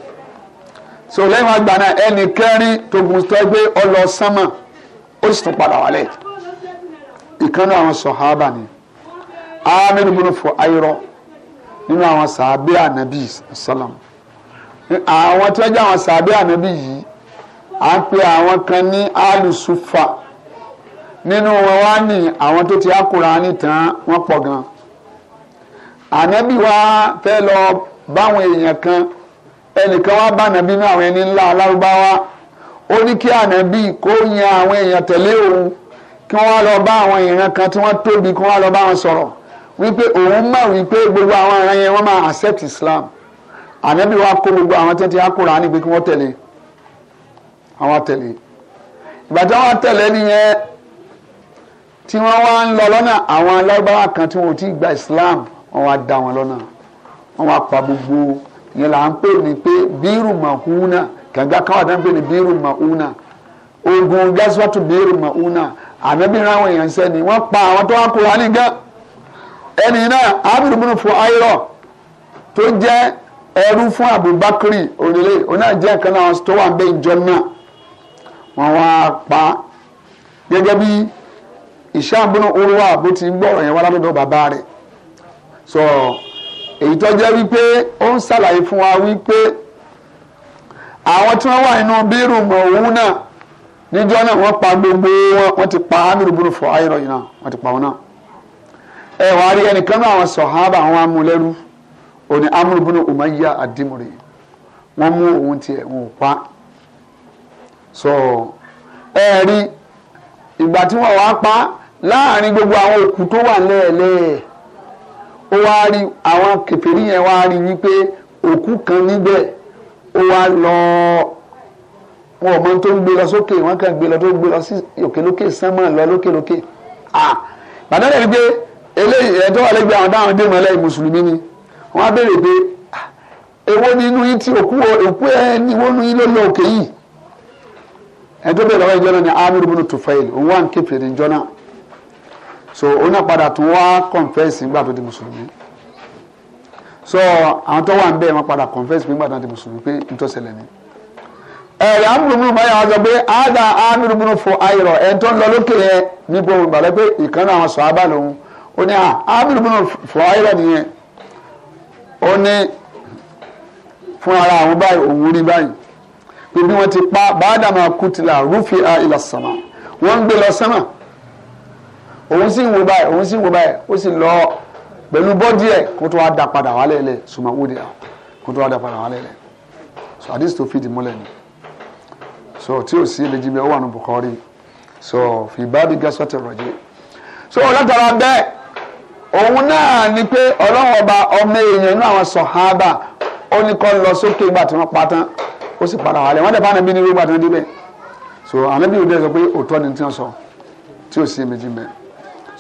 A: so lẹ́yìn wá gbà náà ẹnì kẹrin tó gùn tó gbé ọlọ sánmà ó sì tún padà wálẹ̀ ìkànnì àwọn sọ̀hábà ni amínú múnú fún ayọ̀rọ̀ nínú àwọn sàábé ànábì sálàm àwọn tí wọ́n jẹ́ àwọn sàábé ànábì yìí à ń pe àwọn kan ní alùsùfà nínú wọn wá ní àwọn tó ti há Kùránì tán wọ́n pọ̀ gan ànábì wa fẹ́ lọ báwọn èèyàn kan ẹnìkan wá bá ànábì náà àwọn ẹni ńlá alárúbáwá ó ní kí ànábì kó yan àwọn èèyàn tẹ̀lé òun kí wọ́n wá lọ bá àwọn èèyàn kan tí wọ́n tóbi kí wọ́n lọ bá wọn sọ̀rọ̀ wípé òun mọ̀ wípé gbogbo àwọn ará yẹn wọ́n máa accept Islam ànábì wa kó gbogbo àwọn tó ti há Kùránì pé kí wọ́n tẹ̀lé àwọn tẹ̀lé ìgbà tí wọ́n tẹ̀lé nìyẹn tí wọ́n wá ń lọ lọ́nà àwọn alágbára kan tí wọ́n ò gba Islam wọ́n wá dá wọn lọ́nà wọ́n wá pa gbogbo yẹn là ń pè ní pé bírù mahuna kànga kan wà dáńpé ní bírù mahuna ogun gásíwájú bírù mahuna ànábìrin àwọn èèyàn sẹ́ni wọ́n pa àwọn tó wá kó wa nìkan ẹni náà ábìrì múnú fún ayọ̀ tó jẹ́ ẹrú fún Abubakar onílé onáàjẹ́ kan náà tó wà ń bẹ́ ìjọ náà wọ́n wá pa gẹ́gẹ́ bíi ìṣàbùnú olúwa bó ti gbọ́rọ̀ yẹn wá látọ̀dọ̀ bàbá rẹ̀ sọ èyí tó jẹ́ wípé ó ń ṣàlàyé fún wa wípé àwọn tí wọ́n wà nínú bírù mọ̀ọ́wú náà níjọ́ náà wọ́n pa gbogbo wọn wọ́n ti pa amiru bùnú fọ ayọ̀rọ̀ yìí náà wọ́n ti pa wọn náà ẹ wà á rí ẹnìkan náà àwọn sọ̀hábà àwọn amúlẹ́rú òní amiru bùnú umayya wọ́n mú òun tiẹ̀ wọn ò pa sọ ẹ rí ìgbà tí wọ́n wá pa á láàrin gbogbo àwọn òkú tó wà lẹ́ẹ̀lẹ́ẹ̀ ó wá rí àwọn kèfèrí yẹn wá rí wípé òkú kan níbẹ̀ ó wá lọ wọn ọmọ tó ń gbé lọ sókè wọn kàn gbé lọ tó ń gbé lọ sí òkèlókè sánmọ̀ lọ lókèlókè bàtà lẹ́yìn pé eléyìí ẹ̀ tó wà lẹ́gbẹ̀ẹ́ àwọn táwọn dé mọ́lẹ́ mùsùlùmí ni wọ́n á béèrè pé èwo nínú yín tí òkú òkú ẹ níwó nínú ló lọ òkè yìí ẹ̀ tó bẹ̀rẹ̀ lọ́wọ́ ìjọ náà ni amir bin tufail òun wà ń képe ìjọ náà so òun náà padà tún wá confess nígbà tó di mùsùlùmí so àwọn tó wà ń bẹ́ẹ̀ wọ́n padà confess nígbà tó di mùsùlùmí pé nítòsílẹ̀ ni. sọ pé ada amúlù bínú fún ayọ̀rọ̀ ẹ̀ tó ń lọ lókè ẹ̀ ní gbogbo ìgbà lẹ́pẹ́ ìkànnì àwọn sọ̀ abá lòun ó ní fún ayọ̀rọ̀ nìyẹn ó ní fún ara àwọn báyìí òun rí báyìí pé bí òun sì ń wo báyìí òun sì ń wo báyìí ó sì lọ pẹ̀lú bọ́dí ẹ̀ kó tó wá da padà wálé lẹ̀ sùnmọ́ wúdi à kó tó wá da padà wálé lẹ̀ so àdìsí tó fìdí múlẹ̀ ni so tí ò sí eléjì bẹ́ẹ̀ ó wà ní Bukhari so fi báàbí gẹ́sọ̀tì rọ̀jẹ́ so látara bẹ́ẹ̀ òun náà ni pé ọlọ́run ọba ọmọ èèyàn inú àwọn sọ̀hábà ó ní kọ́ lọ sókè ìgbà tí wọ́n pa tán ó sì padà wálé wọ́n dẹ̀ fáwọn ẹbí ní irú ìgbà tí débẹ̀ so àwọn ẹbí yóò dẹ́ sọ pé òótọ́ ni tí wọ́n sọ tí ò sí eméjì bẹ́ẹ̀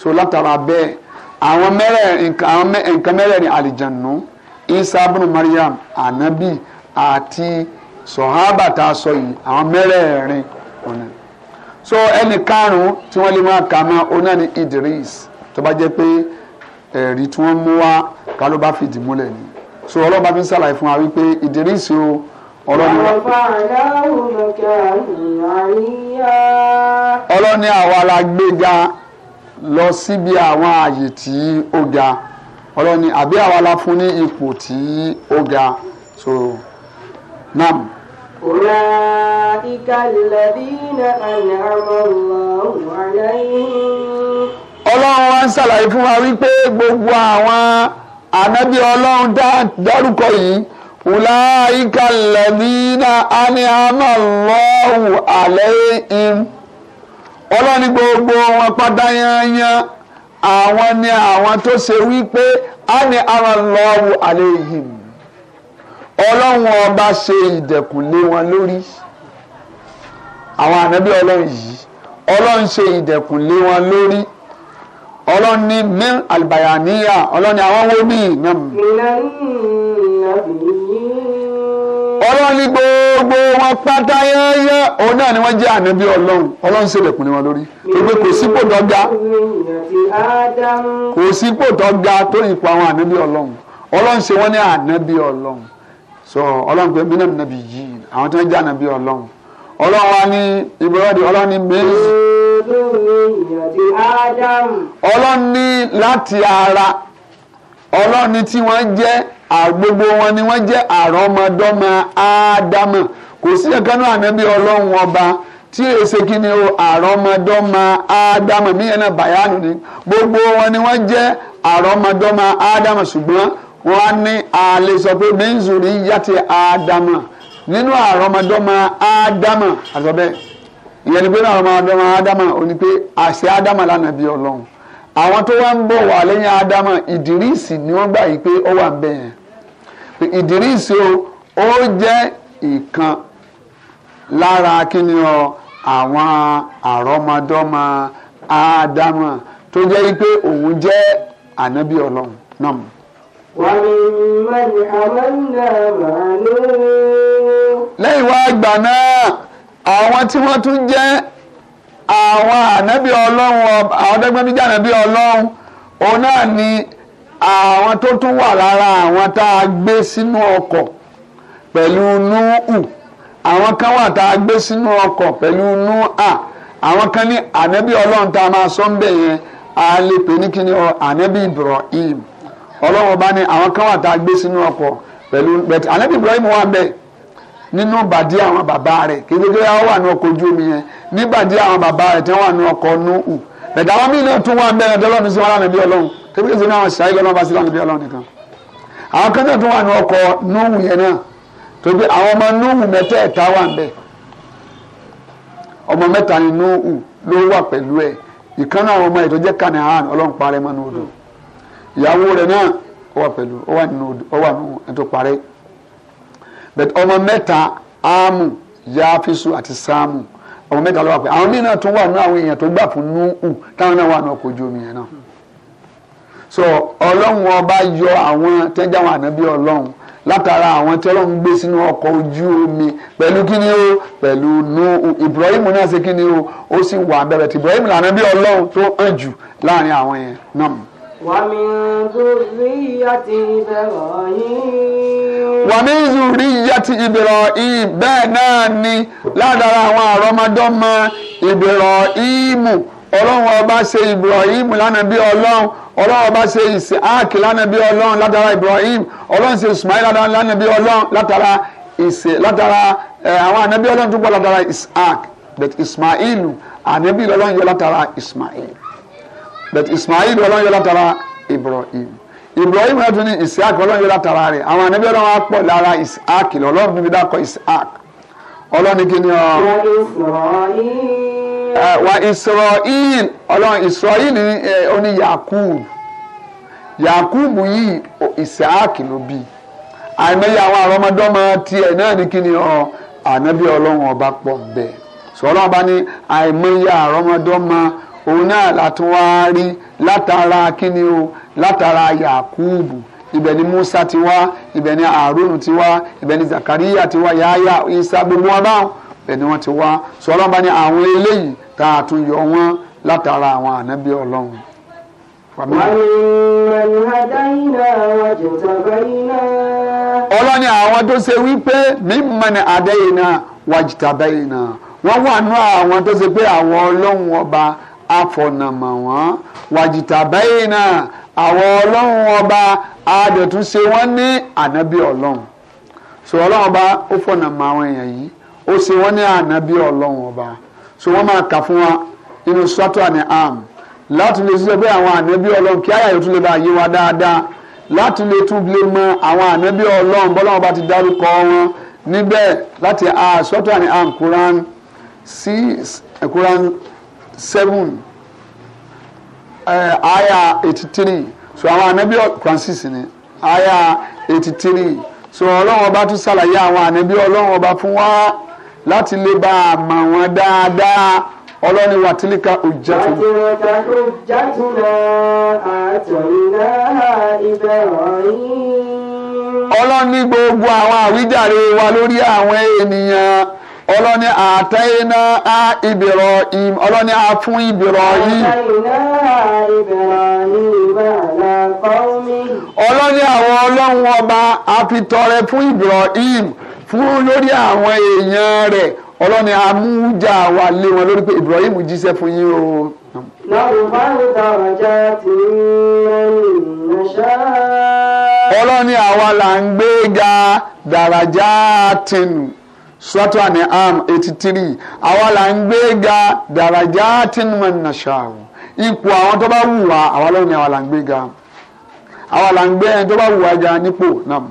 A: so látara bẹ́ẹ̀ àwọn mẹ́rẹ̀ẹ̀rin nǹkan mẹ́rẹ̀ẹ̀rin àlìjànú Isa abunu Mariam anabi àti sọ̀hábà tá a sọ yìí àwọn mẹ́rẹ̀ẹ̀rin ọ̀nà so ẹni karùn-ún tí wọ́n lè máa kà mọ́ ọ̀nà ni Idris tó bá jẹ́ pé ẹ̀rí tí wọ́n mú wá ká ló bá fìdí múlẹ̀ ni so ọlọ́ba fi ń ṣàlàyé fún wa wípé Idris o ọlọ́ni
B: ọlọ́ni àwa la
A: gbéga lọ síbi àwọn ààyè tí ó ga ọlọ́ni àbí àwa la fún ní ipò tí ó ga so nam.
B: ọlọ́run wa ń ṣàlàyé fún wa
A: wípé gbogbo àwọn ànábì ọlọ́run dárúkọ yìí أولئك الذين أنعم الله عليهم. ọlọ́ni gbogbo wọn padà yányán àwọn ni àwọn tó ṣe wípé a ní ara lọ́wọ́ àléhìn ọlọ́run ọba ṣe ìdẹ̀kùn lé wọn lórí àwọn ànábì ọlọ́run yìí ọlọ́run ṣe ìdẹ̀kùn lé wọn lórí ọlọ́run ní mẹ́ àlùbáyà níyà ọlọ́run ni àwọn wo ní ìyàn.
B: ìlànà ìyàbí
A: ọlọ́run ní gbogbo wọn pátá yẹ́yẹ́ òun náà ni wọ́n jẹ́ ànábí ọlọ́run ọlọ́run ṣèlẹ̀kùn ni wọn lórí pé kò sípò tó kò sípò tó tó ipò àwọn ànábí ọlọ́run ọlọ́run ṣe wọ́n ní ànábí ọlọ́run so ọlọ́run pé mínà nàbí yìí àwọn tó ń jẹ́ ànábí ọlọ́run ọlọ́run wa ní ìbúrọ́dì ọlọ́run ní mẹ́rin ọlọ́run ní láti ara ọlọ́ni tí wọ́n jẹ́ gbogbo wọn ni wọ́n jẹ́ àrọ́mọdọ́mọ ádámọ̀ kò sí ẹ̀kan náà ànábì ọlọ́run ọba tí èsè kí ni o àrọ́mọdọ́mọ ádámù níyẹn náà bàyánù ni gbogbo wọn ni wọ́n jẹ́ àrọ́mọdọ́mọ ádámù ṣùgbọ́n wọ́n á ní àlè sọ pé mẹ́ńsùrì yàtì ádámù nínú àrọ́mọdọ́mọ ádámù àtọ́bẹ́ ìyẹn ni pé àrọ́mọdọ́mọ ádámù ò ní pé àṣẹ ádámù lánàá bí ọlọ́run àwọn tó wá ń bọ̀ wà lẹ́yìn ádámà ìdírísì ni wọ́n gbà yìí pé ó wà ń yẹn ìdírísì o ó jẹ́ ìkan lára kíni o àwọn àrọ́mọdọ́mọ ádámà tó jẹ́ wípé òun jẹ́ ànábì ọlọ́run náà. lẹ́yìn wá àgbà náà àwọn tí wọ́n tún jẹ́ àwọn ànábì ọlọ́run àwọn dẹ́gbẹ́ níjà ànábì ọlọ́run òun náà ni àwọn tó tún wà lára àwọn tá a gbé sínú ọkọ̀ pẹ̀lú núhù àwọn kan wà tá a gbé sínú ọkọ̀ pẹ̀lú núhà àwọn kan ní ànábì ọlọ́run tá a máa sọ ń bẹ̀ yẹn a lè pè ní kí ọ ànábì Ibrahim ọlọ́run ọba ní àwọn kan wà tá a gbé sínú ọkọ̀ pẹ̀lú ànábì Ibrahim wà bẹ́ẹ̀ nínú ìbàdí àwọn bàbá rẹ̀ kékeré àwọn wà ní ọkọ̀ ojú omi yẹn nígbàdí àwọn bàbá rẹ̀ tí wọ́n wà ní ọkọ̀ núhù bẹ̀dá wọn míì náà tún wà bẹ́ẹ̀ dọ́lọ́ọ̀nù sí wọn ànàbí ọlọ́run kébíkẹ́ sí náà ṣáà ìlọ́nà bá sí ànàbí ọlọ́run nìkan. àwọn kan náà tún wà ní ọkọ̀ núhù yẹn náà tó pé àwọn ọmọ núhù mẹ́tẹ̀ẹ̀ta wà ń bẹ̀ ọmọ mẹ́ta ni núhù ló wà pẹ̀lú ẹ̀ ìkan náà ọmọ ètò But ọmọ mẹ́ta amu yáfísù àti sáàmù ọmọ mẹ́ta ló wà pé àwọn míì náà tún wà nínú àwọn èèyàn tó gbà fún núhù táwọn náà wà ní ọkọ̀ ojú omi yẹn náà so ọlọ́run ọba yọ àwọn tẹ́jà àwọn ànábí ọlọ́run látara àwọn tí ọlọ́run gbé sínú ọkọ̀ ojú omi pẹ̀lú kí ni o pẹ̀lú núhù Ibrahim náà ṣe kí ni o ó sì wà bẹ̀rẹ̀ tí Ibrahim lànà bí ọlọ́run tó hàn jù láàrin àwọn yẹn náà.
B: ومن ذرية إبراهيم
A: ومن ذرية إبراهيم bẹ́ẹ̀ náà ni ládàra àwọn àrọ́mọdọ́mọ Ìbíráhímù ọlọ́run ọba ṣe Ibrahim lánàbí ọlọ́run ọlọ́run ọba ṣe Isaac lánàbí ọlọ́run látara Ibrahim ọlọ́run ṣe Ismail lánàbí ọlọ́run látara ìṣe látara eh, àwọn ànábí ọlọ́run tó gbọ́ látara Isaac but Ismail ànábí ọlọ́run yọ látara Ismail. but Ismail ọlọ́run Ibrahim Ibrahim náà ní Isaac ọlọ́run yọ látara rẹ̀ àwọn ànábì ọlọ́run á pọ̀ lára Isaac lọ ọlọ́run níbi dákọ̀ Isaac ọlọ́run ní kíni ọ. wa Israel ọlọ́run Israel ní eh, oní Yakub Yakub yìí Isaac ló bí àwọn tiẹ̀ náà ní kíni ọ ọlọ́run ọba pọ̀ bẹ́ẹ̀ ní òun náà látún wá rí látara kíni o látara yakubu ibẹ̀ ni musa ti wá ibẹ̀ ni haruna ti wá ibẹ̀ ni zakariya ti wá yahaya isa gbogbo wọn báwọn ibẹ̀ ni wọ́n ti wá sọlọ́n bá ní àwọn eléyìí tá a tún yọ wọ́n látara àwọn ànábì ọlọ́run. ọlọ́ni àwọn tó ṣe wípé mímọ́ ni àdéhìnà wàjìtàbẹ́yìnà wọ́n wà nú àwọn tó ṣe pé àwọn ọlọ́run ọba àfọ̀nàmọ̀ wọ́n wàjìtà báyìí náà àwọn ọlọ́run ọba àdẹ̀tún ṣe wọ́n ní ànábì ọlọ́run so ọlọ́run ọba ó fọ̀nàmọ̀ àwọn èèyàn yìí ó ṣe wọ́n ní ànábì ọlọ́run ọba so wọ́n máa kà fún wa inú sọ́tọ̀ àní am láti lè sọ pé àwọn ànábì ọlọ́run kí àyà yóò tún lè bá yé wa dáadáa láti lè tún lè mọ àwọn ànábì ọlọ́run bọ́lá wọn bá ti dárúkọ wọn níbẹ̀ láti sọ́tọ̀ àní am Quran six Quran seven eh, aya eighty three so àwọn anabi Quran six ni aya eighty three so ọlọ́run ọba tún ṣàlàyé àwọn anabi ọlọ́run ọba fún wa láti lè bá a mọ̀ wọ́n dáadáa ọlọ́ni wà tílíkà òjàtún.
B: àtìrẹ̀kà òjàtún náà
A: àtọ̀yìnà ìbẹ̀rọ̀ ọlọ́ni gbogbo àwọn àwíjàre wa lórí àwọn ènìyàn ọlọ́ni àtẹ́yìnà á ìbìrọ̀ im ọlọ́ni á fún ìbìrọ̀ yìí.
B: ọlọ́ni àwọn
A: ọlọ́run ọba á fi tọrẹ fún ìbìrọ̀ im fún lórí àwọn èèyàn rẹ̀ ọlọ́ni amújà wà lé wọn lórí pé Ibrahim jíṣẹ́ fún yín o. ọlọ́ni àwa là ń gbé ga dàrájà tìǹù. suratu an'am eighty three àwa là ń gbé ga darajatin man nasha'u ipò àwọn tó bá wù wá àwa lọ́run ni àwa là ń gbé ga àwa là ń gbé ẹni tó bá wù wá ga nípò náà.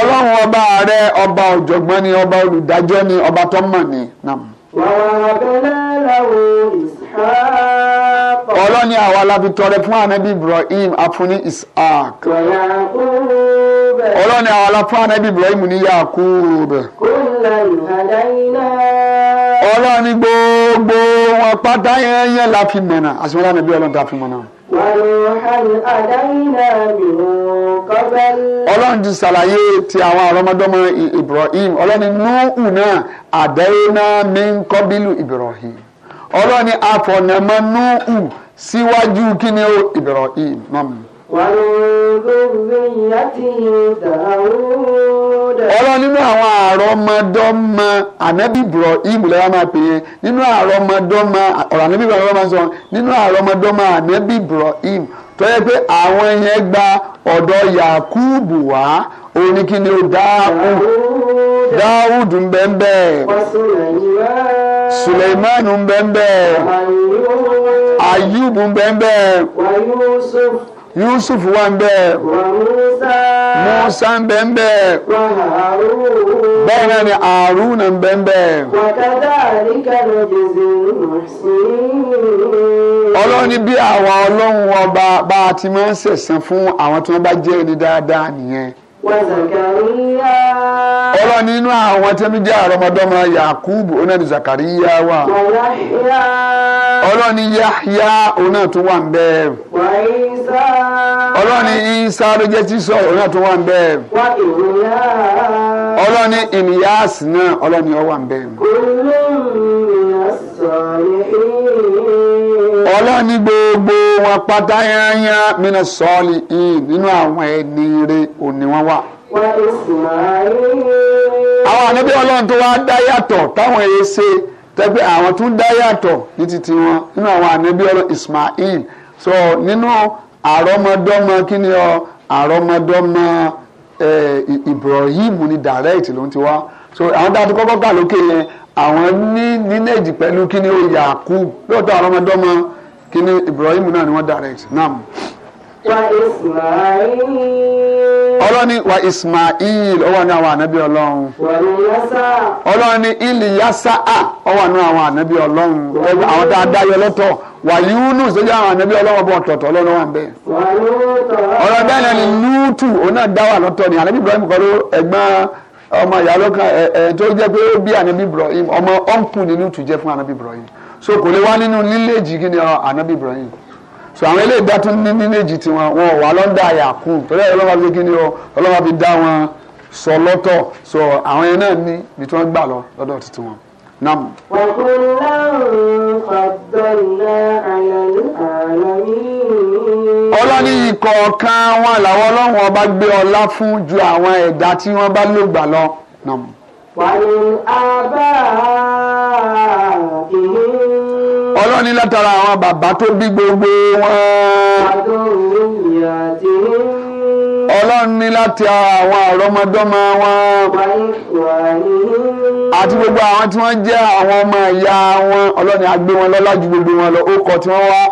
A: ọlọ́run ọba rẹ ọba ọ̀jọ̀gbọ́n ni ọba olùdájọ́ ni ọba tó mọ̀ ni náà. ọlọ́ni àwa la fi tọrẹ fún anabi Ibrahim afuni Ishaq. wàhálà
B: kúrò. ọlọ́ni àwọn
A: aláfáà anábì Ibrahim ní Yakub. ọlọ́ni gbogbo wọn pátá yẹn yẹn la fi mọ̀nà àti wọn lánàbí ọlọ́ni tá fi mọ̀nà. ọlọ́run ti ṣàlàyé ti àwọn àrọ́mọdọ́mọ Ibrahim Nuhu náà àdáyéná mi Ibrahim àfọ̀nàmọ́ Nuhu síwájú kí ni ó Ibrahim
B: ọlọ́run
A: nínú àwọn àrọ́mọdọ́mọ ànábì Ibrahim lẹ́wọ́n máa pè nínú àrọ́mọdọ́mọ ọ̀rọ̀ ànábì Ibrahim lọ́wọ́ máa sọ nínú àrọ́mọdọ́mọ tó yẹ pé àwọn yẹn gba ọ̀dọ̀ Yakubu wá òun ni kí ni dáhùn Suleimanu ń Yusuf wà ń bẹ. Musa ń bẹ ń bẹ. Bẹ́ẹ̀ náà ni Haruna ń bẹ ń bẹ. Ọlọ́run ní bí àwa ọlọ́run ọba bá a ti máa ń ṣẹ̀san fún àwọn tí wọ́n bá jẹ́ ẹni dáadáa
B: ọlọ́
A: nínú àwọn tí wọ́n jẹ́ àrọ́mọdọ́mọ Yakubu onáà ni Zakariya wà ọlọ́ ni Yahya onáà tún wà ń bẹ́ẹ̀ ọlọ́ ni Isa ló jẹ́ sísọ onáà tún wà ń bẹ́ẹ̀ ọlọ́ ni Ilyas náà ọlọ́ ni ó wà ń bẹ́ẹ̀. ọlọ́ ni gbogbo wọn pátá yányá mina sọ́ọ̀lì yìí nínú àwọn ẹni rẹ̀ òní wọn wà.
B: àwọn
A: ànábì ọlọ́run tó wá dá yàtọ̀ táwọn èyí ṣe tẹ́gbẹ́ àwọn tún dá yàtọ̀ ní titi wọn nínú Ismail so nínú àrọ́mọdọ́mọ kí ni ọ àrọ́mọdọ́mọ Ibrahim ní direct ló ń ti wá so àwọn dáadé kọ́kọ́ gbà lókè yẹn àwọn ní lineage pẹ̀lú kí ni ó lóòótọ́ àrọ́mọdọ́mọ kí ni Ibrahim náà ni wọ́n direct náà.
B: ọlọ́run
A: wa ismail ó ní àwọn ànábì ọlọ́run ọlọ́run iliyasa a ní àwọn ànábì ọlọ́run àwọn a yọ lọ́tọ̀ wà yúnus tó àwọn ànábì ọlọ́run bọ̀ tọ̀tọ̀ ọlọ́run wà bẹ́ẹ̀. ọlọ́run bẹ́ẹ̀ ni òun náà dá wà ni ànábì ibrahim kọ́ ló ọmọ ìyá ẹ̀ ẹ̀ tó jẹ́ pé so àwọn eléyìí dá tún ní nínéjì tiwọn wọn wà lọ́ndà yakub torí ọlọ́wà fi kíni o ọlọ́wà fi dá wọn sọ lọ́tọ̀ so àwọn yẹn náà ní ibi tí wọ́n gbà lọ lọ́dọ̀ títí wọn. nam. ọlọ́ni ikọ̀ kan wọn làwọn ọlọ́run ọba gbé ọlá fún ju àwọn ẹ̀dá tí wọ́n bá lògbà lọ. nam.
B: wàá ní abá ìhìn
A: ọlọ́ni látara àwọn bàbá tó bí gbogbo wọn. ọlọ́ni láti àwọn àrọ́mọdọ́mọ wọn. àti gbogbo àwọn tí wọ́n jẹ́ àwọn ọmọ ìyá wọn ọlọ́ni agbé wọn lọ́lá ju gbogbo wọn lọ ó kọ tí wọ́n wá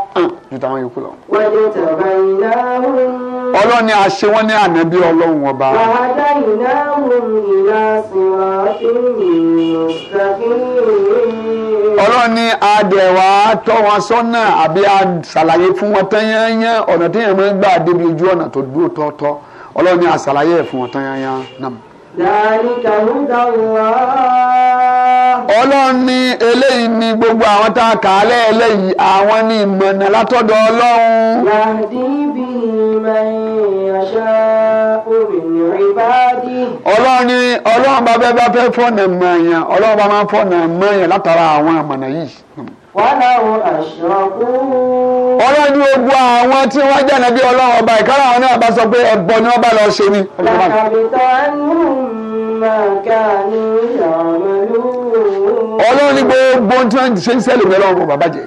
A: ju táwọn yòókù lọ.
B: wọ́n ti tàbá iná wọn. ọlọ́run ni a ṣe wọ́n
A: ní ànábí ọlọ́run ọba.
B: wàhálà iná wọn ìlà sọ̀rọ̀
A: ọlọ́run ni a dẹ̀ wá tọ́ wọn sọ́nà àbí a ṣàlàyé fún wọn tán yányán ọ̀nà tí èèyàn máa ń gbà débi ojú ọ̀nà tó dúró tọ́tọ́ ọlọ́run ni a ṣàlàyé ẹ̀ fún wọn tán yányán náà. ọlọ́run ní eléyìí ní gbogbo àwọn tá a kà á lẹ́ eléyìí àwọn ní ìmọ̀nà látọ̀dọ̀ ọlọ́run.
B: yàdí bí ìmọ̀-ìyànṣá
A: obìnrin
B: bá dì. ọlọ́run
A: ní ọlọ́run bá fẹ́ bá fẹ́ fọ̀nà mọ̀ọ́yàn ọlọ́run bá máa fọ̀nà mọ̀ọ́yàn látara àwọn àmọ̀nà yìí.
B: ọlọ́run
A: ní gbogbo àwọn tí wọ́n jẹ́ nàbí ọlọ́run ọba ìkárà àwọn náà bá sọ pé ẹbọ ni wọ́n bá lọ ṣe ni. ọlọ́run ní gbogbo tí wọ́n ṣe ń sẹ́lẹ̀ mi ọlọ́run bàbá jẹ́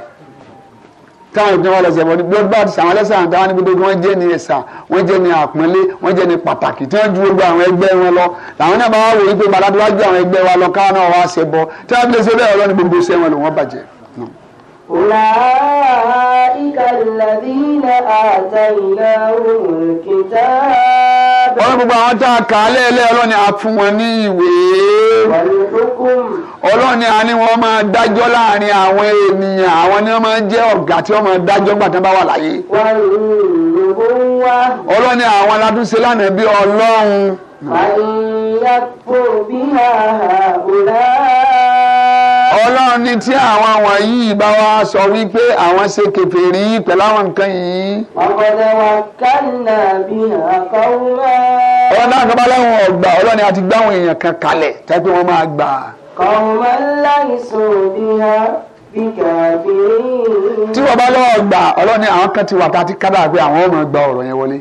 A: táwọn ìpínlẹ̀ wọn lọ sí ẹ̀bọ̀n ní gbogbo àti sàwọn ẹlẹ́sàn àtàwọn níbi gbogbo wọn jẹ́ ní ẹ̀sà wọn jẹ́ ní àpọ́nlé wọn jẹ́ ní pàtàkì tí wọ́n ju gbogbo àwọn ẹgbẹ́ wọn lọ làwọn náà máa wò wípé bàdá ju àwọn ẹgbẹ́ wa lọ káwọn náà wá ṣẹbọ tí wọ́n fi lè ṣe bẹ́ẹ̀ ọlọ́run gbogbo ṣẹ́ wọn lò wọ́n bàjẹ́. أولئك
B: الذين آتيناهم الكتاب
A: wọ́n gbogbo àwọn tá a kà á lẹ́ẹ̀lẹ́ e ọlọ́run ni a fún wọn ní ìwé. ọlọ́run ni a ní wọ́n máa dájọ́ láàrin àwọn ènìyàn àwọn ni wọ́n máa jẹ́ ọ̀gá tí wọ́n máa dájọ́ gbà bá wà láyé. ọlọ́run àwọn lánàá bí ọlọ́run. yàtọ̀ bí àhà ọlọ́run ní tí àwọn àwọn yìí bá wá sọ wípé àwọn ṣe kèfèrí pẹ̀lú àwọn nǹkan yìí.
B: ọ̀gọ̀dọ̀ wa kálá bí àkọ́wé. ọlọ́run náà kọ́ba lẹ́wọ̀n ọlọ́run
A: ni a ti gbá àwọn èèyàn kan kalẹ̀ tẹ́ pé wọ́n máa gbà.
B: kọ̀ọ̀mọ́ láìsọ̀ bí a tí wọ́n bá lọ́wọ́ gbà
A: ọlọ́run ní àwọn kan ti wà tá a ti kádà pé àwọn ọmọ gba ọ̀rọ̀ yẹn wọlé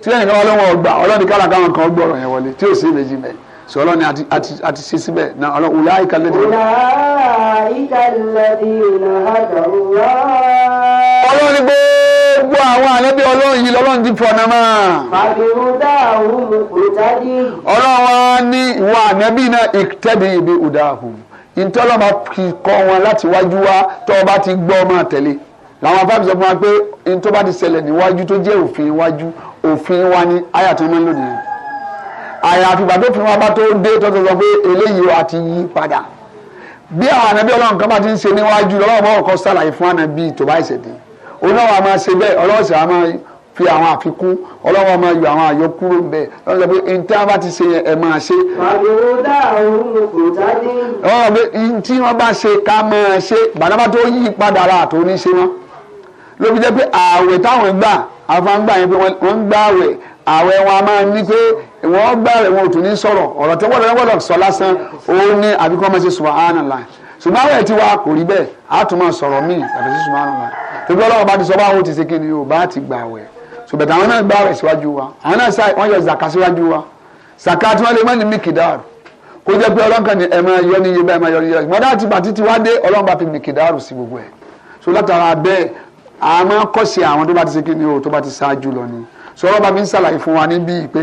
A: tí ẹnìkan bá lọ́wọ́ gbà ọlọ́run ní kálà káwọn kan sọ ọlọ́ni àti ṣe síbẹ̀ náà ọlọ́ ọlọ́ àyíká lẹ́dí. ọlọ́
B: àyíká lẹ́dí ìlànà
A: ọlọ́ni gbogbo àwọn àlẹ́bí ọlọ́run yìí lọ́lọ́run ti fọ̀nà máa. fàbíhùdá òun kò jáde. ọlọ́run wa ní ìwà ànẹ́bí náà ìtẹ́bi ìbí ìdáhùn ìtọ́lọ́mọ kì í kọ́ wọn láti wájú wa tọ́ ọ bá ti gbọ́ ọmọ tẹ̀lé làwọn afáàbí sọ fún wa pé ntọ́ bá ti ṣẹlẹ̀ níwájú tó jẹ́ òfin iwájú òfin wa ni ayàtọ̀ máa ń lò nìyẹn àyàfi ìgbà tó fi wọn bá tó dé tó tó sọ pé eléyìí wa ti yí padà bí àwọn ànábì ọlọ́run kan bá ti ń ṣe níwájú ọlọ́run bá kọ́ sàlàyé fún ànábì tó bá ṣe dé òun náà wà máa ṣe bẹ́ẹ̀ ọlọ́run sì wà máa fi àwọn àfikún ọlọ́run wà máa yọ àwọn àyọkúrò ń bẹ̀ lọ́wọ́ sọ pé ntí wọn bá ti ṣe yẹn ẹ̀ máa ṣe. ọlọ́run pé ntí wọn bá ṣe ká máa ṣe bàdàbà tó yí padà wọ́n gbá rẹ̀ wọn ò tún ní sọ̀rọ̀ ọ̀rọ̀ tó wọ́n lọ́wọ́ sọ lásán òun ní àbí kọ́ máa ṣe subhanallah ṣùgbọ́n àwọn ẹ̀tí wa kò rí bẹ́ẹ̀ á tún máa sọ̀rọ̀ míì yàtọ̀ sí subhanallah tóbi ọlọ́wọ́ bá ti sọ báwo ti ṣe kí ni o bá ti gbà wẹ̀ ṣùgbọ́n àwọn náà gbà rẹ̀ síwájú wa àwọn náà wọ́n yọ zaka síwájú wa zaka tí wọ́n lè má ní mikidaru kó jẹ́ pé ọlọ́kàn ni ẹ máa yọ níye sọ̀rọ̀ bá mi ń ṣàlàyé fún wa níbí pé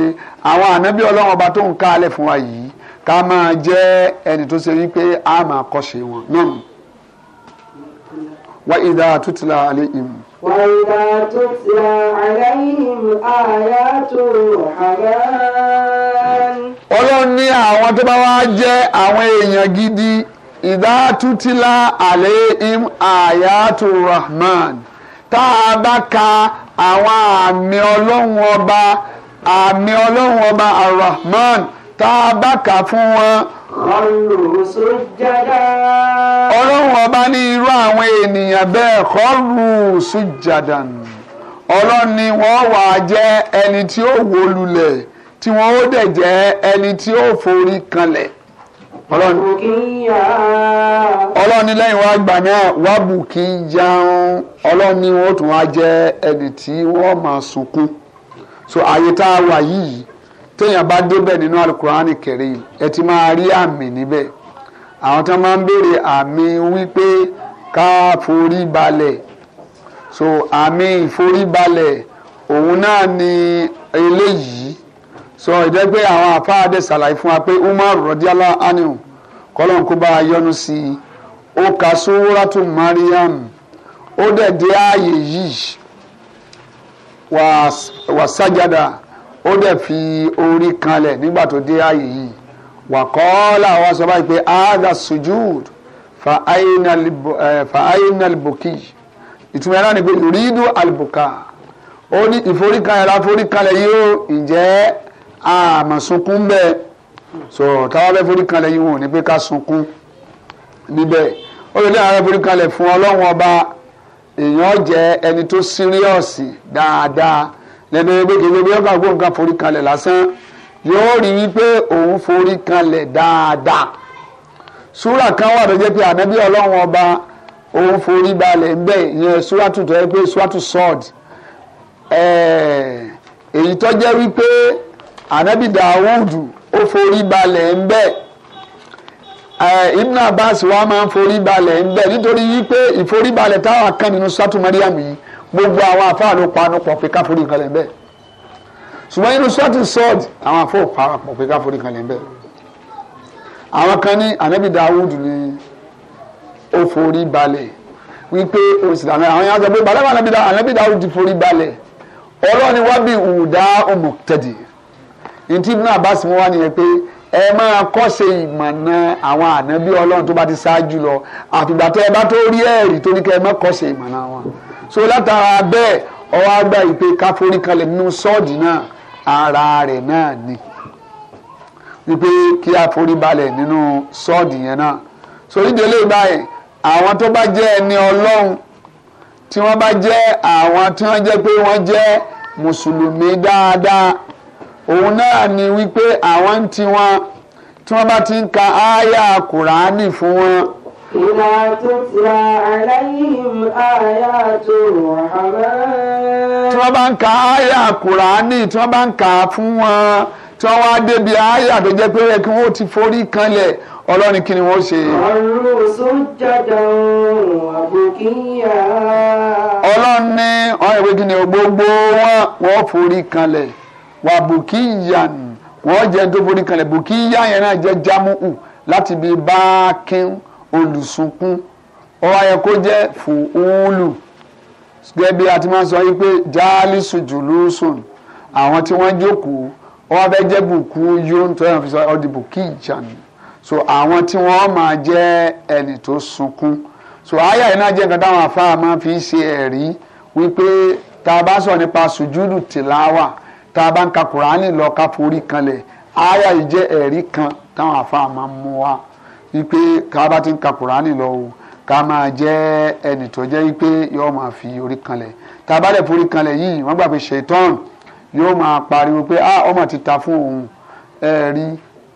A: àwọn ànábì ọlọ́run ọba tó ń ká alẹ̀ fún wa yìí ká máa jẹ́ ẹni tó ṣe wípé a máa kọ́ṣe wọn náà wa idha tutla alayhim.
B: wa idha tutla alayhim ayatu rahman.
A: ọlọ́run ní àwọn tó bá wá jẹ́ àwọn èèyàn gidi idha tutla alayhim ayatu rahman tá a bá ka àwọn àmì ọlọ́run ọba àmì ọlọ́run ọba arahman tá a bá kà fún wọn. ọlọ́run ọba ní irú àwọn ènìyàn bẹ́ẹ̀ kọ́lù sùjàdàn ọlọ́run ni wọ́n wàá jẹ́ ẹni tí ó wó lulẹ̀ tí wọ́n ó dẹ̀ jẹ́ ẹni tí ó forí kanlẹ̀ ọlọ́run ní lẹ́yìn wá gbà náà wá bù kí n jẹun ọlọ́run ní wọ́n tún wá jẹ́ ẹni tí wọ́n máa sunkún so àyè tá a wà yìí téèyàn bá débẹ̀ nínú alukurani kẹrin ẹ ti máa rí àmì níbẹ̀ àwọn tí wọ́n máa ń béèrè àmì wípé ká forí balẹ̀ so àmì ìforí balẹ̀ òun náà ni eléyìí so ìjẹ́ pé àwọn afáàdé ṣàlàyé fún wa pé Umar rọdíálá aniu kọ́lọ́n kó bá a yọnu sí i ó ka sóràtú Mariam ó dẹ̀ dé ààyè yìí wà sájàdà ó dẹ̀ fi orí kanlẹ̀ nígbà tó dé ààyè yìí wà kọ́ọ́lá wa sọ báyìí pé aada sujud fa aina eh, albuki ìtumọ̀ ẹ̀rọ ni pé yuridu albuka ó ní ìforíkanlẹ̀ láforíkanlẹ̀ yìí ó ǹjẹ́ Ah, àmọ́ sunkún bẹ́ẹ̀ so táwa bẹ́ẹ̀ forí kanlẹ̀ yìí wọn ò ní pé ká sunkún níbẹ̀ ó lè dé àwọn forí kanlẹ̀ fún ọlọ́run ọba èèyàn jẹ́ ẹni tó síríọ̀sì dáadáa lẹ́nu ẹgbẹ́ kejì ẹgbẹ́ ọgbà gbọ́ nǹkan forí kanlẹ̀ lásán yóò rí wípé òun forí kanlẹ̀ dáadáa súrà kan wà tó jẹ́ pé ànábì ọlọ́run ọba òun forí balẹ̀ ńbẹ̀ ìyẹn súrátù tó yẹ pé súrátù sọ́ọ̀dì èyí tó jẹ́ wípé anabi dawudu ó forí balẹ̀ ń bẹ̀ ibn abbas wa máa ń forí balẹ̀ ń bẹ̀ nítorí wípé ìforíbalẹ̀ táwọn kan nínú sátú mariam yìí gbogbo àwọn afáà ló panu pọ̀ pé ká forí kalẹ̀ ń bẹ̀ ṣùgbọ́n inú sátú sọ́ọ̀dì àwọn afọ́ para pọ̀ pé ká forí kalẹ̀ ń bẹ̀ àwọn kan ní anabi dawudu ni ó forí balẹ̀ wípé òsìlànà àwọn yàrá sọ pé balẹ̀ wà anabi dawudu forí balẹ̀ ọlọ́ni wá bí ùdá òmùtẹ́dì ntí Ibn Abbas mú wá nìyẹn pé ẹ máa kọ́ṣe ìmọ̀nà àwọn ànábí ọlọ́run tó bá ti ṣáájú lọ àtìgbà tẹ́ ẹ bá tó rí ẹ̀rí torí kẹ́ ẹ má kọ́ṣe ìmọ̀nà wọn. so látara bẹ́ẹ̀ ọwọ́ àgbà ìpè káforí kalẹ̀ nínú sọ́ọ̀dì náà ara rẹ̀ náà ni wípé kí a forí balẹ̀ nínú sọ́ọ̀dì yẹn náà so nídìílé báyìí àwọn tó bá jẹ́ ẹni ọlọ́run tí wọ́n bá jẹ́ àwọn tí wọ́n jẹ́ pé wọ́n jẹ́ mùsùlùmí dáadáa òun náà ni wípé àwọn tí wọn tí wọn bá ti ń ka ááyà kùránì fún wọn. ìlà tutla alayhim
B: tí wọ́n bá ń ka ááyà
A: kùránì tí wọ́n bá wọn tí wọ́n wá débi tó jẹ́ pé kí wọ́n ti forí kanlẹ̀ ọlọ́ni kí ni wọ́n ṣe. àbòkíyà. ọlọ́ni kí gbogbo wọn wọ́n forí kanlẹ̀. wa bùkíyàn wọ́n jẹ́ tó forí kanlẹ̀ bùkíyàn yẹn náà jẹ́ jámùú láti bí bákin olùsunkún ọwọ́ ayẹ kó jẹ́ fùúlù gẹ́gẹ́ bí a ti máa sọ yìí pé jáálísù jùlùsùn àwọn tí wọ́n jókòó ọwọ́ fẹ́ jẹ́ bùkú yóò ń tọ́ fi sọ ọ́ di so àwọn tí wọ́n máa jẹ́ ẹni tó sunkún so àyà yìí náà jẹ́ nǹkan táwọn afáà máa fi ṣe ẹ̀rí wípé tá a bá sọ nípa sùjúdù tìláwà tá a bá ń ka kùránì lọ ká forí kanlẹ̀ àyà yìí jẹ́ ẹ̀rí kan táwọn àfáà máa ń mú wa wípé ká bá ti ń ka kùránì lọ o ká máa jẹ́ ẹnì tó jẹ́ wípé yóò máa fi orí kanlẹ̀ tá a bá lè forí kanlẹ̀ yìí wọ́n gbà pé ṣètọ́n yóò máa pariwo pé ah ọmọ ti ta fún òun ẹ̀rí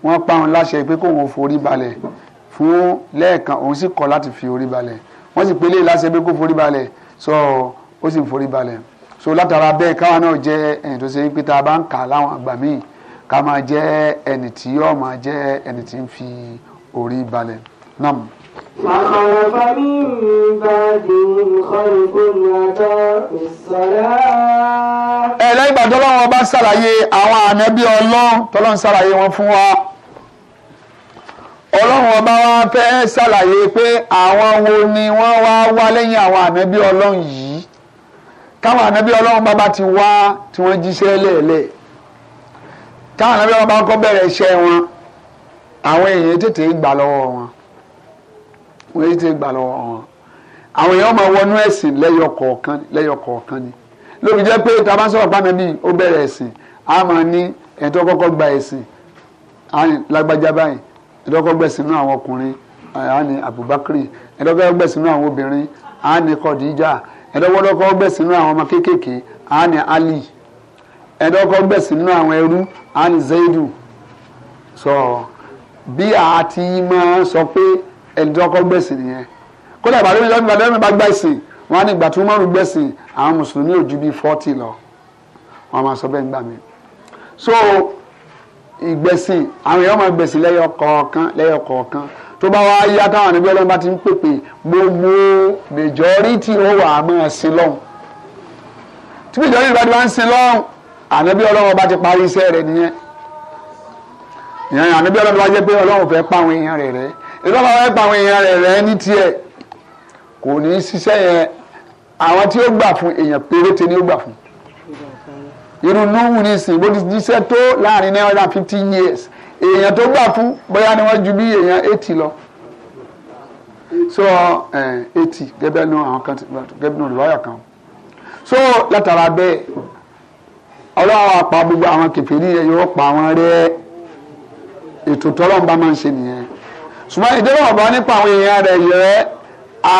A: wọ́n pa òun láṣẹ pé kóun forí balẹ̀ fún lẹ́ẹ̀kan òun sì kọ̀ láti fi orí balẹ̀ wọ́n sì pelé láṣẹ pé kó forí balẹ̀ sọ ó sì forí balẹ̀ so látara bẹ́ẹ̀ káwa náà jẹ́ ẹni tó ṣe wípé tá a bá ń kà láwọn àgbà míì ká máa jẹ́ ẹni tí yóò máa jẹ́ ẹni tí ń fi orí balẹ̀ náà.
B: فخلف من بعدهم خلف أضاعوا الصلاة. ẹ lẹ́yìn ìgbà tọ́lọ́run ọba ṣàlàyé àwọn ànábì ọlọ́run tọ́lọ́run
A: ọlọ́run ọba wa fẹ́ ṣàlàyé pé àwọn wo ni wọ́n wá wá lẹ́yìn àwọn ànábì ọlọ́run yìí káwọn ànábí ọlọ́run bá bá ti wá tí wọ́n jíṣẹ́ lẹ́ẹ̀lẹ́ táwọn ànábí ọlọ́run bá kọ́ bẹ̀rẹ̀ iṣẹ́ wọn àwọn èèyàn tètè gbà lọ́wọ́ wọn wọ́n èèyàn tètè gbà lọ́wọ́ wọn àwọn èèyàn máa wọnú ẹ̀sìn lẹ́yọ kọ̀ọ̀kan ni lóbi jẹ́ pé tá a bá sọ̀rọ̀ pàmò bíi ó bẹ̀rẹ̀ ẹ̀sìn a máa ní ẹ̀tọ́ kọ́kọ́ gba ẹ̀sìn lágbájá báyìí ẹ̀tọ́ kọ́kọ́ gbẹ̀sìn nú àwọn ọkùnrin àní Abubakar ẹ̀tọ́ kọ́kọ́ gbẹ̀sìn nú àwọn obìnrin àní Khadija ẹ̀dọ́gbọ́dọ́kọ́ gbẹ̀sìn nínú àwọn ọmọ kéékèèké á Ali ẹ̀dọ́kọ́ gbẹ̀sìn nínú àwọn ẹrú á Zaidu sọ bí a ti máa sọ pé ẹ̀dọ́kọ́ gbẹ̀sìn nìyẹn kódà ìbàdàn mi lọ́dún ìbàdàn mi bá gbẹ̀sìn wọn á ní ìgbà tí wọ́n mọ̀rún gbẹ̀sìn àwọn mùsùlùmí ò ju bíi fọ́tì lọ wọn máa sọ bẹ́ẹ̀ ń gbà mí. so ìgbẹ̀sìn àwọn èèyàn máa gbẹ̀sìn lẹ́yọ kọ̀ọ̀kan lẹ́yọ kọ̀ọ̀kan tó bá wá yá táwọn àníbí ọlọ́run bá ti ń pèpè gbogbo majority ó wà á máa sin lọ́hùn tí majority bá ti wá ń sin lọ́hùn àníbí ọlọ́run bá ti parí iṣẹ́ rẹ̀ nìyẹn ìyẹn àníbí ọlọ́run bá jẹ́ pé ọlọ́run fẹ́ pa àwọn èèyàn rẹ̀ rẹ́ ìlú bá fẹ́ pa àwọn èèyàn rẹ̀ rẹ́ ní tiẹ̀ kò ní í ṣiṣẹ́ yẹn àwọn tí ó gbà fún èèyàn péréte ni ó gbà fún irú núhùn ní ìsìn bó ti jíṣẹ́ tó láàrin nine hundred and fifty years èèyàn tó gbà fún bóyá ni wọ́n ju bí èèyàn eighty lọ so eh, eighty gẹ́gẹ́ nù àwọn kan gẹ́gẹ́ nù lọ́ọ̀yà kan so látara bẹ́ẹ̀ ọlọ́wọ́ àpá gbogbo àwọn kẹfìrí yẹn yóò pa àwọn rẹ́ ètò tọ́lọ́ bá máa ń ṣe nìyẹn ṣùgbọ́n ìdílé ọ̀bọ nípa àwọn èèyàn rẹ̀ yẹ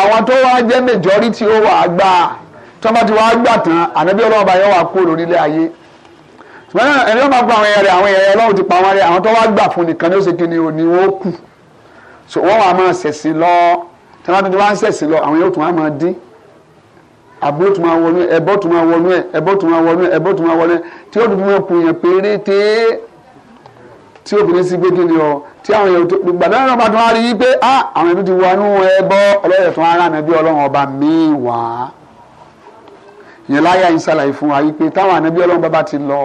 A: àwọn tó wá jẹ́ majority ó wà á gbà tó ti wá gbà tán ànábí yóò wà kú lórílẹ̀ ayé ṣùgbọ́n ẹni tó máa gba àwọn ẹ̀rẹ̀ àwọn ẹ̀rẹ̀ ọlọ́run ti pa wọn rẹ̀ àwọn tó wá gbà fún nìkan ni ó ṣe kí ni ò ní wọ́n kù so wọ́n wàá máa ṣẹ̀sìn lọ tí wọ́n ti wá ń ṣẹ̀sìn lọ àwọn yóò tún wá máa dín àbúrò tún máa wọnú ẹ ẹbọ tún máa wọnú ẹ ẹbọ tún máa wọnú ẹ ẹbọ tún máa wọnú ẹ tí ó dùn mọ́ kùn yẹn péréte tí obìnrin sì gbé kíni ọ tí àwọn èèyàn gbà náà lọ́ba tó wá rí pé àwọn ẹbí ti wọnú ẹbọ ọlọ́yẹ̀ fún ara mi ọlọ́run ọba míì wá ìyẹn láyà ń fún wa yìí pé táwọn ànábí ọlọ́run bá ti lọ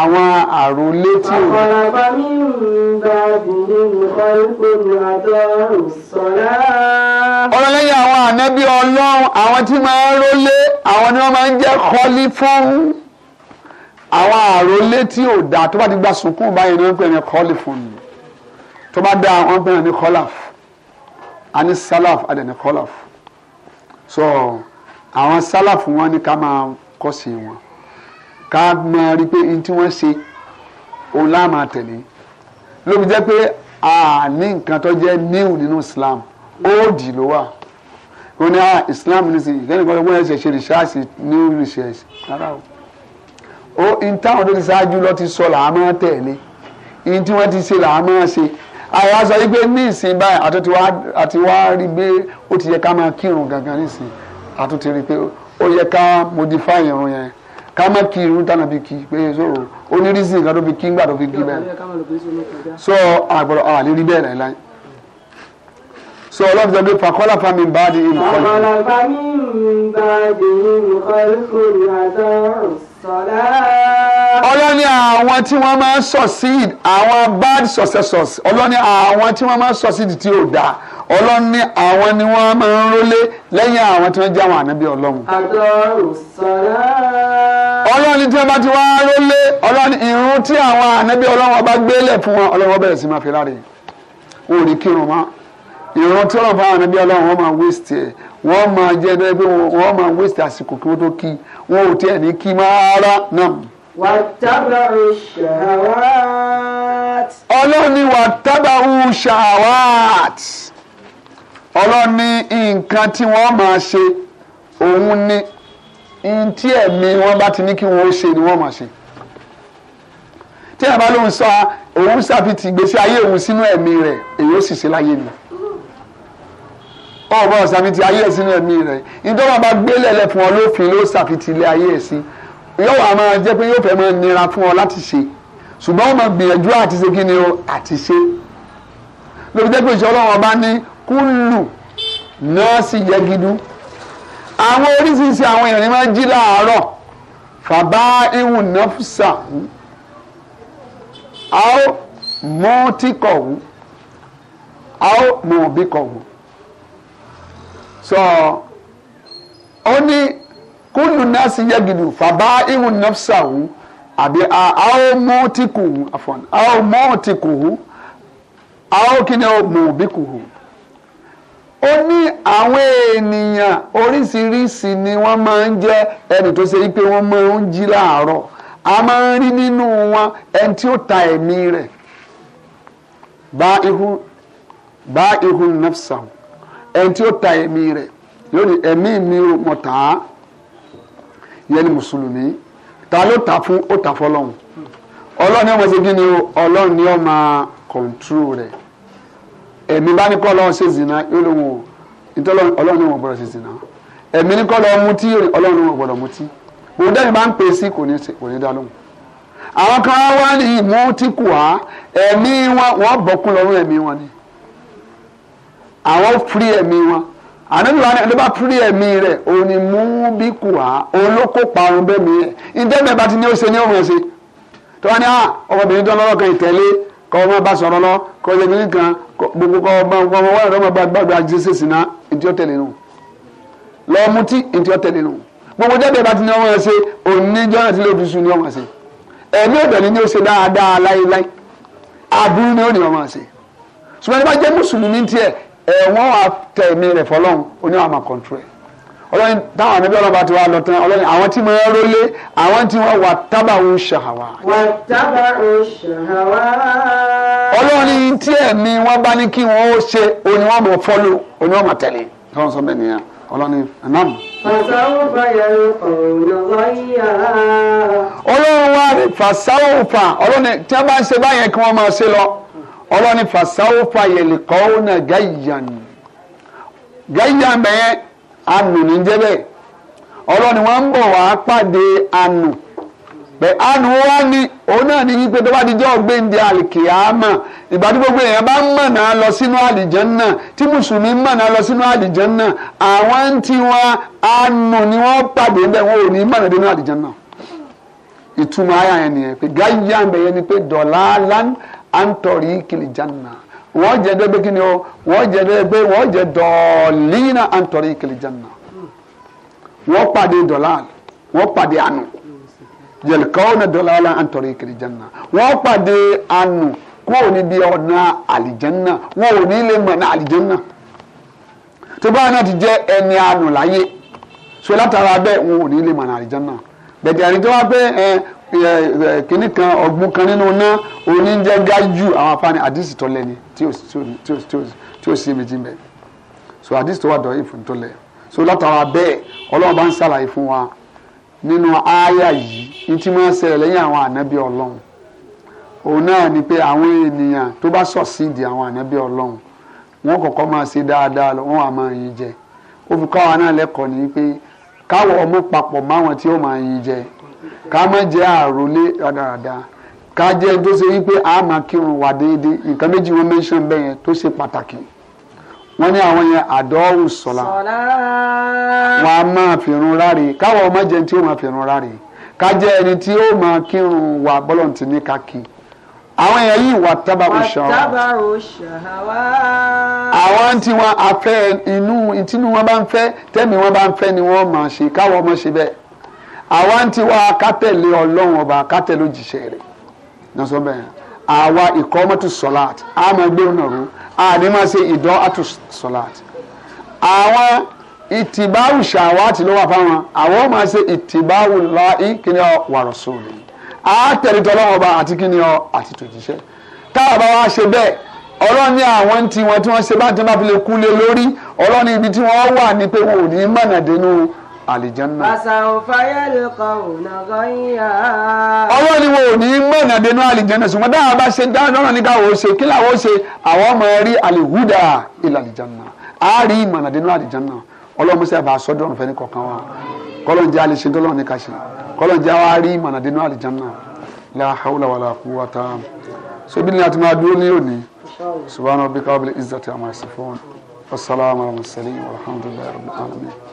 A: àwọn àrùn létí òun. ọ̀pọ̀lọpọ̀ mi ń bá dìde nìkan ìpolú àdọ́rùn sọ̀rọ̀. ọlọ́lẹ́yìn àwọn ànábì ọlọ́run àwọn tí máa ń rólé àwọn ni wọ́n máa ń jẹ́ kọ́lí fún àwọn àrùn létí òdà tó bá ti gba sùkúù báyìí ni wọ́n pè ní kọ́lí fún mi tó bá dáa wọ́n pè ní kọ́láf àní sálàf àdẹ̀ ní kọ́láf so àwọn sálàf wọn ni ká máa kọ́ sí wọn ká máa rí i pé n tí wọ́n ṣe òun láà máa tẹ̀lé ló jẹ́ pé a ní nǹkan tó jẹ́ new nínú Islam old ló wà ó ní ah, Islam ní sí ìkẹ́ni kan tó wọ́n ṣe ṣe research new rárá o ó n táwọn tó ti ṣáájú lọ ti sọ làá máa tẹ̀lé n tí wọ́n ti ṣe làá máa ṣe àyà sọ yìí pé ní ìsìn báyìí àti wá rí pé ó ti yẹ ká máa kírun gangan nísìn àtúntì rí pé ó yẹ ká modify irun yẹn ká má kí irun tánà bí kí pé so onírísìn nǹkan tó fi kí ńgbà tó fi kí bẹ́ẹ̀ so àgbọ̀dọ̀ àlè rí bẹ́ẹ̀ láyé láyé so ọlọ́run sọ pé fàkọ́lá fami bá di ìlú kọ́lù. fàkọ́lá fami bá di ìlú
B: kọ́lù kòlì àtọ́rùn sọ̀lá.
A: ọlọ́ni àwọn tí wọ́n máa ń succeed àwọn bad successors ọlọ́ni àwọn tí wọ́n máa succeed tí ò dáa ọlọ́run ní àwọn ni wọ́n máa ń rólé lẹ́yìn àwọn tí wọ́n jẹ́ àwọn ànábì ọlọ́run. àdọ́rù sọ̀rọ̀. ọlọ́run ní tí wọ́n bá ti wá rólé ọlọ́run ìrun tí àwọn ànábì ọlọ́run ọba gbélé fún wọn ọlọ́run bẹ̀rẹ̀ sí máa fi láre wọn ò ní kírun mọ́ ìrun tí ọlọ́run fáwọn ànábì ọlọ́run wọn máa wéṣítì ẹ̀ wọ́n máa jẹ́ ẹgbẹ́ pé wọ́n máa wéṣítì àsìkò kí wọ́n tó kí wọn ò tiẹ̀ ní kí máa rá náà ọlọ́run ní nǹkan tí wọ́n máa ṣe òun ni n tí ẹ̀mí wọn bá ti ní kí wọ́n ó ṣe ni wọ́n máa ṣe tí ẹ̀ bá lóun sọ òun ṣàfitì ìgbésí ayé òun sínú ẹ̀mí rẹ̀ èyí ó sì ṣe láyé ni ọ̀bọ̀ ṣàfitì ayé ẹ̀ sínú ẹ̀mí rẹ̀ ìjọba bá gbélé ẹ̀lẹ́ fún ọ lófin ló ṣàfitì ilé ayé ẹ̀ sí yóò wá máa jẹ́ pé yóò fẹ́ máa nira fún ọ láti ṣe ṣùgbọ́n ó máa gbìyànjú àti ṣe kí ni o àti ṣe lóbi pé ìṣọ́ ọlọ́run ọba ní kúlù náà sì yẹgidu àwọn oríṣiríṣi àwọn èèyàn ni máa jí láàárọ̀ fàbá ihun nọfùsà a ó mọ tí kọ̀wù a ó mọ bí kọ̀wù sọ ó ní kúlù náà sì yẹgidu fàbá ihun nọfùsà àbí a ó mọ tí kùwù a ó mọ tí kùwù a ó kí ni ó mọ bí kùwù ó ní àwọn ènìyàn oríṣiríṣi ni wọ́n máa ń jẹ́ ẹni tó ṣe wípé wọ́n máa ń jí láàárọ̀ a máa ń rí nínú wọn ẹni tí ó ta ẹ̀mí rẹ̀ bá ihu bá ihu nafsa ẹni tí ó ta ẹ̀mí rẹ̀ yóò ní ẹ̀mí mi ò mọ̀ tá a yẹn ni mùsùlùmí ta ló ta fún ó ta fọlọ́hún ọlọ́run ni ó máa ṣe kí ni ọlọ́run ni ó máa kọ̀ǹtúrò rẹ̀ èmi bá ní zina yóò lóun ọlọ́run ní wọn gbọ́dọ̀ ṣe zina èmi ní kọ́ lọ́wọ́ mutí ọlọ́run ní wọn gbọ́dọ̀ mutí òun dẹ́ni bá ń pè sí kò ní dá lóhùn àwọn kan wá ní ìmú kù wá ẹ̀mí wọn wọ́n bọ̀kú lọ́rùn ẹ̀mí wọn ni àwọn firi ẹ̀mí wọn ni ẹni bá firi ẹ̀mí rẹ̀ òun ni mú bí kù wá òun ló kó parun kọ́ ọmọ bá sọ̀rọ̀ lọ kọ́ ọjọ́ kìíní kan gbogbo kọ́ ọmọ ọmọ wà lọ́mọ gbàgbà jésù sí náà ntí ó tẹ̀lé nù lọ́ọ́ mutí ntí ó tẹ̀lé nù gbogbo jáde bá ti ní ọmọ ẹsẹ oníjọ́ náà ti lè fi sùn ní ọmọ ẹsẹ ẹ̀mí ọ̀dọ̀ ni ní ó ṣe dáadáa láéláé aburú ni ó ní ọmọ ẹsẹ ṣùgbọ́n ní bá jẹ́ mùsùlùmí tiẹ̀ ẹ̀wọ̀n àtẹ̀mí rẹ̀ fọlọ́run oníwàmà kọ̀ǹtúrẹ̀ ọlọ́run táwọn ànábì ọlọ́run bá ti wá lọ tán ọlọ́run àwọn tí mo rólé àwọn tí wọ́n wà tábà ń ṣàwà. wà
B: tábà ń ṣàwà.
A: ọlọ́run tí ẹ̀mí wọn bá ní kí wọ́n ó ṣe òní wọn bọ̀ fọ́lù òní wọn mà tẹ̀lé tọ́wọ́n sọ bẹ́ẹ̀ nìyẹn ọlọ́run anam. fàṣàwùfà yẹn ọ̀nà wáyà. ọlọ́run wá rí fàṣàwùfà ọlọ́run tí wọ́n bá ń ṣe báyẹn kí wọ́n máa ṣe lọ anù ní jẹ́bẹ̀ ọlọ́ni wọn ń bọ̀ wá pàdé anù pé anù wa ni òun náà ní wípé tó bá di jẹ́ ọ̀gbẹ́ndé àlìkìyàmà ìgbà tí gbogbo èèyàn bá mọ̀nà lọ sínú àlìjànnà tí mùsùlùmí mọ̀nà lọ sínú àlìjànnà àwọn ń tiwọn anù ni wọ́n pàdé bẹ́ẹ̀ wọn ò ní mọ̀nà dénú àlìjànnà ìtumọ̀ ayà yẹn nìyẹn pé gáyà ń bẹ̀yẹ ni pé dọ̀là lan antori kìlìjànnà wọ́n jẹ́ dẹ́gbẹ́ kí ni o wọ́n jẹ́ dẹ́gbẹ́ wọ́n jẹ́ dọ̀ọ́lìnà àǹtọ̀rọ̀ ìkìlì jẹ́nà wọ́n pàdé dọ̀là wọ́n pàdé àánú yẹlikawo na dọ̀là la àǹtọ̀rọ̀ ìkìlì jẹ́nà wọ́n pàdé àánú kó o ní bí ọ̀nà àlìjẹ́nà wọ́n ò ní lè mọ̀ ní àlìjẹ́nà tó báyìí náà ti jẹ́ ẹni àánú láyé so látara bẹ́ẹ̀ wọ́n ò ní lè mọ̀ ní àlìjẹ́nà bẹ̀tẹ̀ àrídọ́wọ́ pé kínní kan ọ̀gbun kan nínú iná oníjẹ́gá jù àwọn afáàní àdìsí tó lẹ́ni tí ó sí méjì mẹ́ so àdìsí tó wà dọ̀ ìfún tó so látara bẹ́ẹ̀ ọlọ́run bá ń ṣàlàyé fún wa nínú ááyà yìí ní tí máa ń ṣẹlẹ̀ lẹ́yìn àwọn ànábì ọlọ́run òun náà ni pé àwọn ènìyàn tó bá sọ̀sídìí àwọn ànábì ọlọ́run wọn kọ́kọ́ máa ṣe dáadáa lọ wọn á máa yin jẹ ó fi kọ́ náà lẹ́kọ̀ọ́ ni pé káwọ̀ ọmọ papọ̀ máwọn tí ó máa yin jẹ ká má jẹ́ àròlé rádaràda ká jẹ́ tó ṣe wípé a máa kírun wà déédéé nǹkan méjì wọn mẹ́sàn-án bẹ́ẹ̀ yẹn tó ṣe pàtàkì wọ́n ní àwọn yẹn àdọ́wù sọ̀la wọn a máa fìrun ráre káwọn ọmọ jẹun tí ó máa fìrun ráre ká jẹ́ ẹni tí ó máa kírun wà bọ́lọ̀ntì ní kákì àwọn èèyàn yìí wà tábà
B: òṣàwà
A: àwọn tí wọn afẹ́ inú ìtinú wọn bá ń fẹ́ tẹ́mi wọn bá ń fẹ́ ni wọ́n máa ṣe káwọn ọmọ ṣe bẹ́ẹ̀ àwa ń tiwa kátẹ̀lé ọlọ́run ọba kátẹ̀lé òjìṣẹ́ rẹ̀ lọ́sọ̀ bẹ́ẹ̀ àwa ìkọ́mọ́tò sọ́láàt a máa gbé ọ̀nà rú a ní máa ṣe ìdán àtò sọ́láàt àwọn ìtìbáwù ṣàwátì ló wà fáwọn àwọn máa ṣe ìtìbáwù láì kíni ọ wàrọ̀ sóòlì a tẹ̀lé tọ́lọ́run ọba àti kíni ọ àti tòjíṣẹ́ tá a bá wá ṣe bẹ́ẹ̀ ọlọ́run ní àwọn ń tiwọn tí wọ́n ṣe bá ti bá fi lè kú lé lórí ọlọ́run ibi tí wọ́n wà ní pé wọn ò ní mọ̀nà dénú àlìjánná.
B: fasawfa yalqawna ghayya. ọwọ́
A: ni wọn ò ní mọ̀nà dénú àlìjánná ṣùgbọ́n dáhà bá ṣe dáhà ní káwọ́ ṣe kí làwọ́ ṣe àwọn ọmọ rí àlìhúdà ilà àlìjánná àárí ìmọ̀nà dénú àlìjánná ọlọ́mọṣẹ́ bá aṣọ́dọ̀ ọ̀nfẹ́ ní kọ̀ọ̀kan wa kọ́lọ́n jẹ́ alẹ́ ṣe dọ́lọ́ ní kàṣe kọ́lọ́n jẹ́ wa rí ìmọ̀nà dénú àlìjánná la hawla wala quwwata
B: so bí ni a ti máa dúró ní òní
A: subhanahu wa ta'ala izzati amasifon wasalaamu alaykum wa rahmatulahi wa rahmatulahi.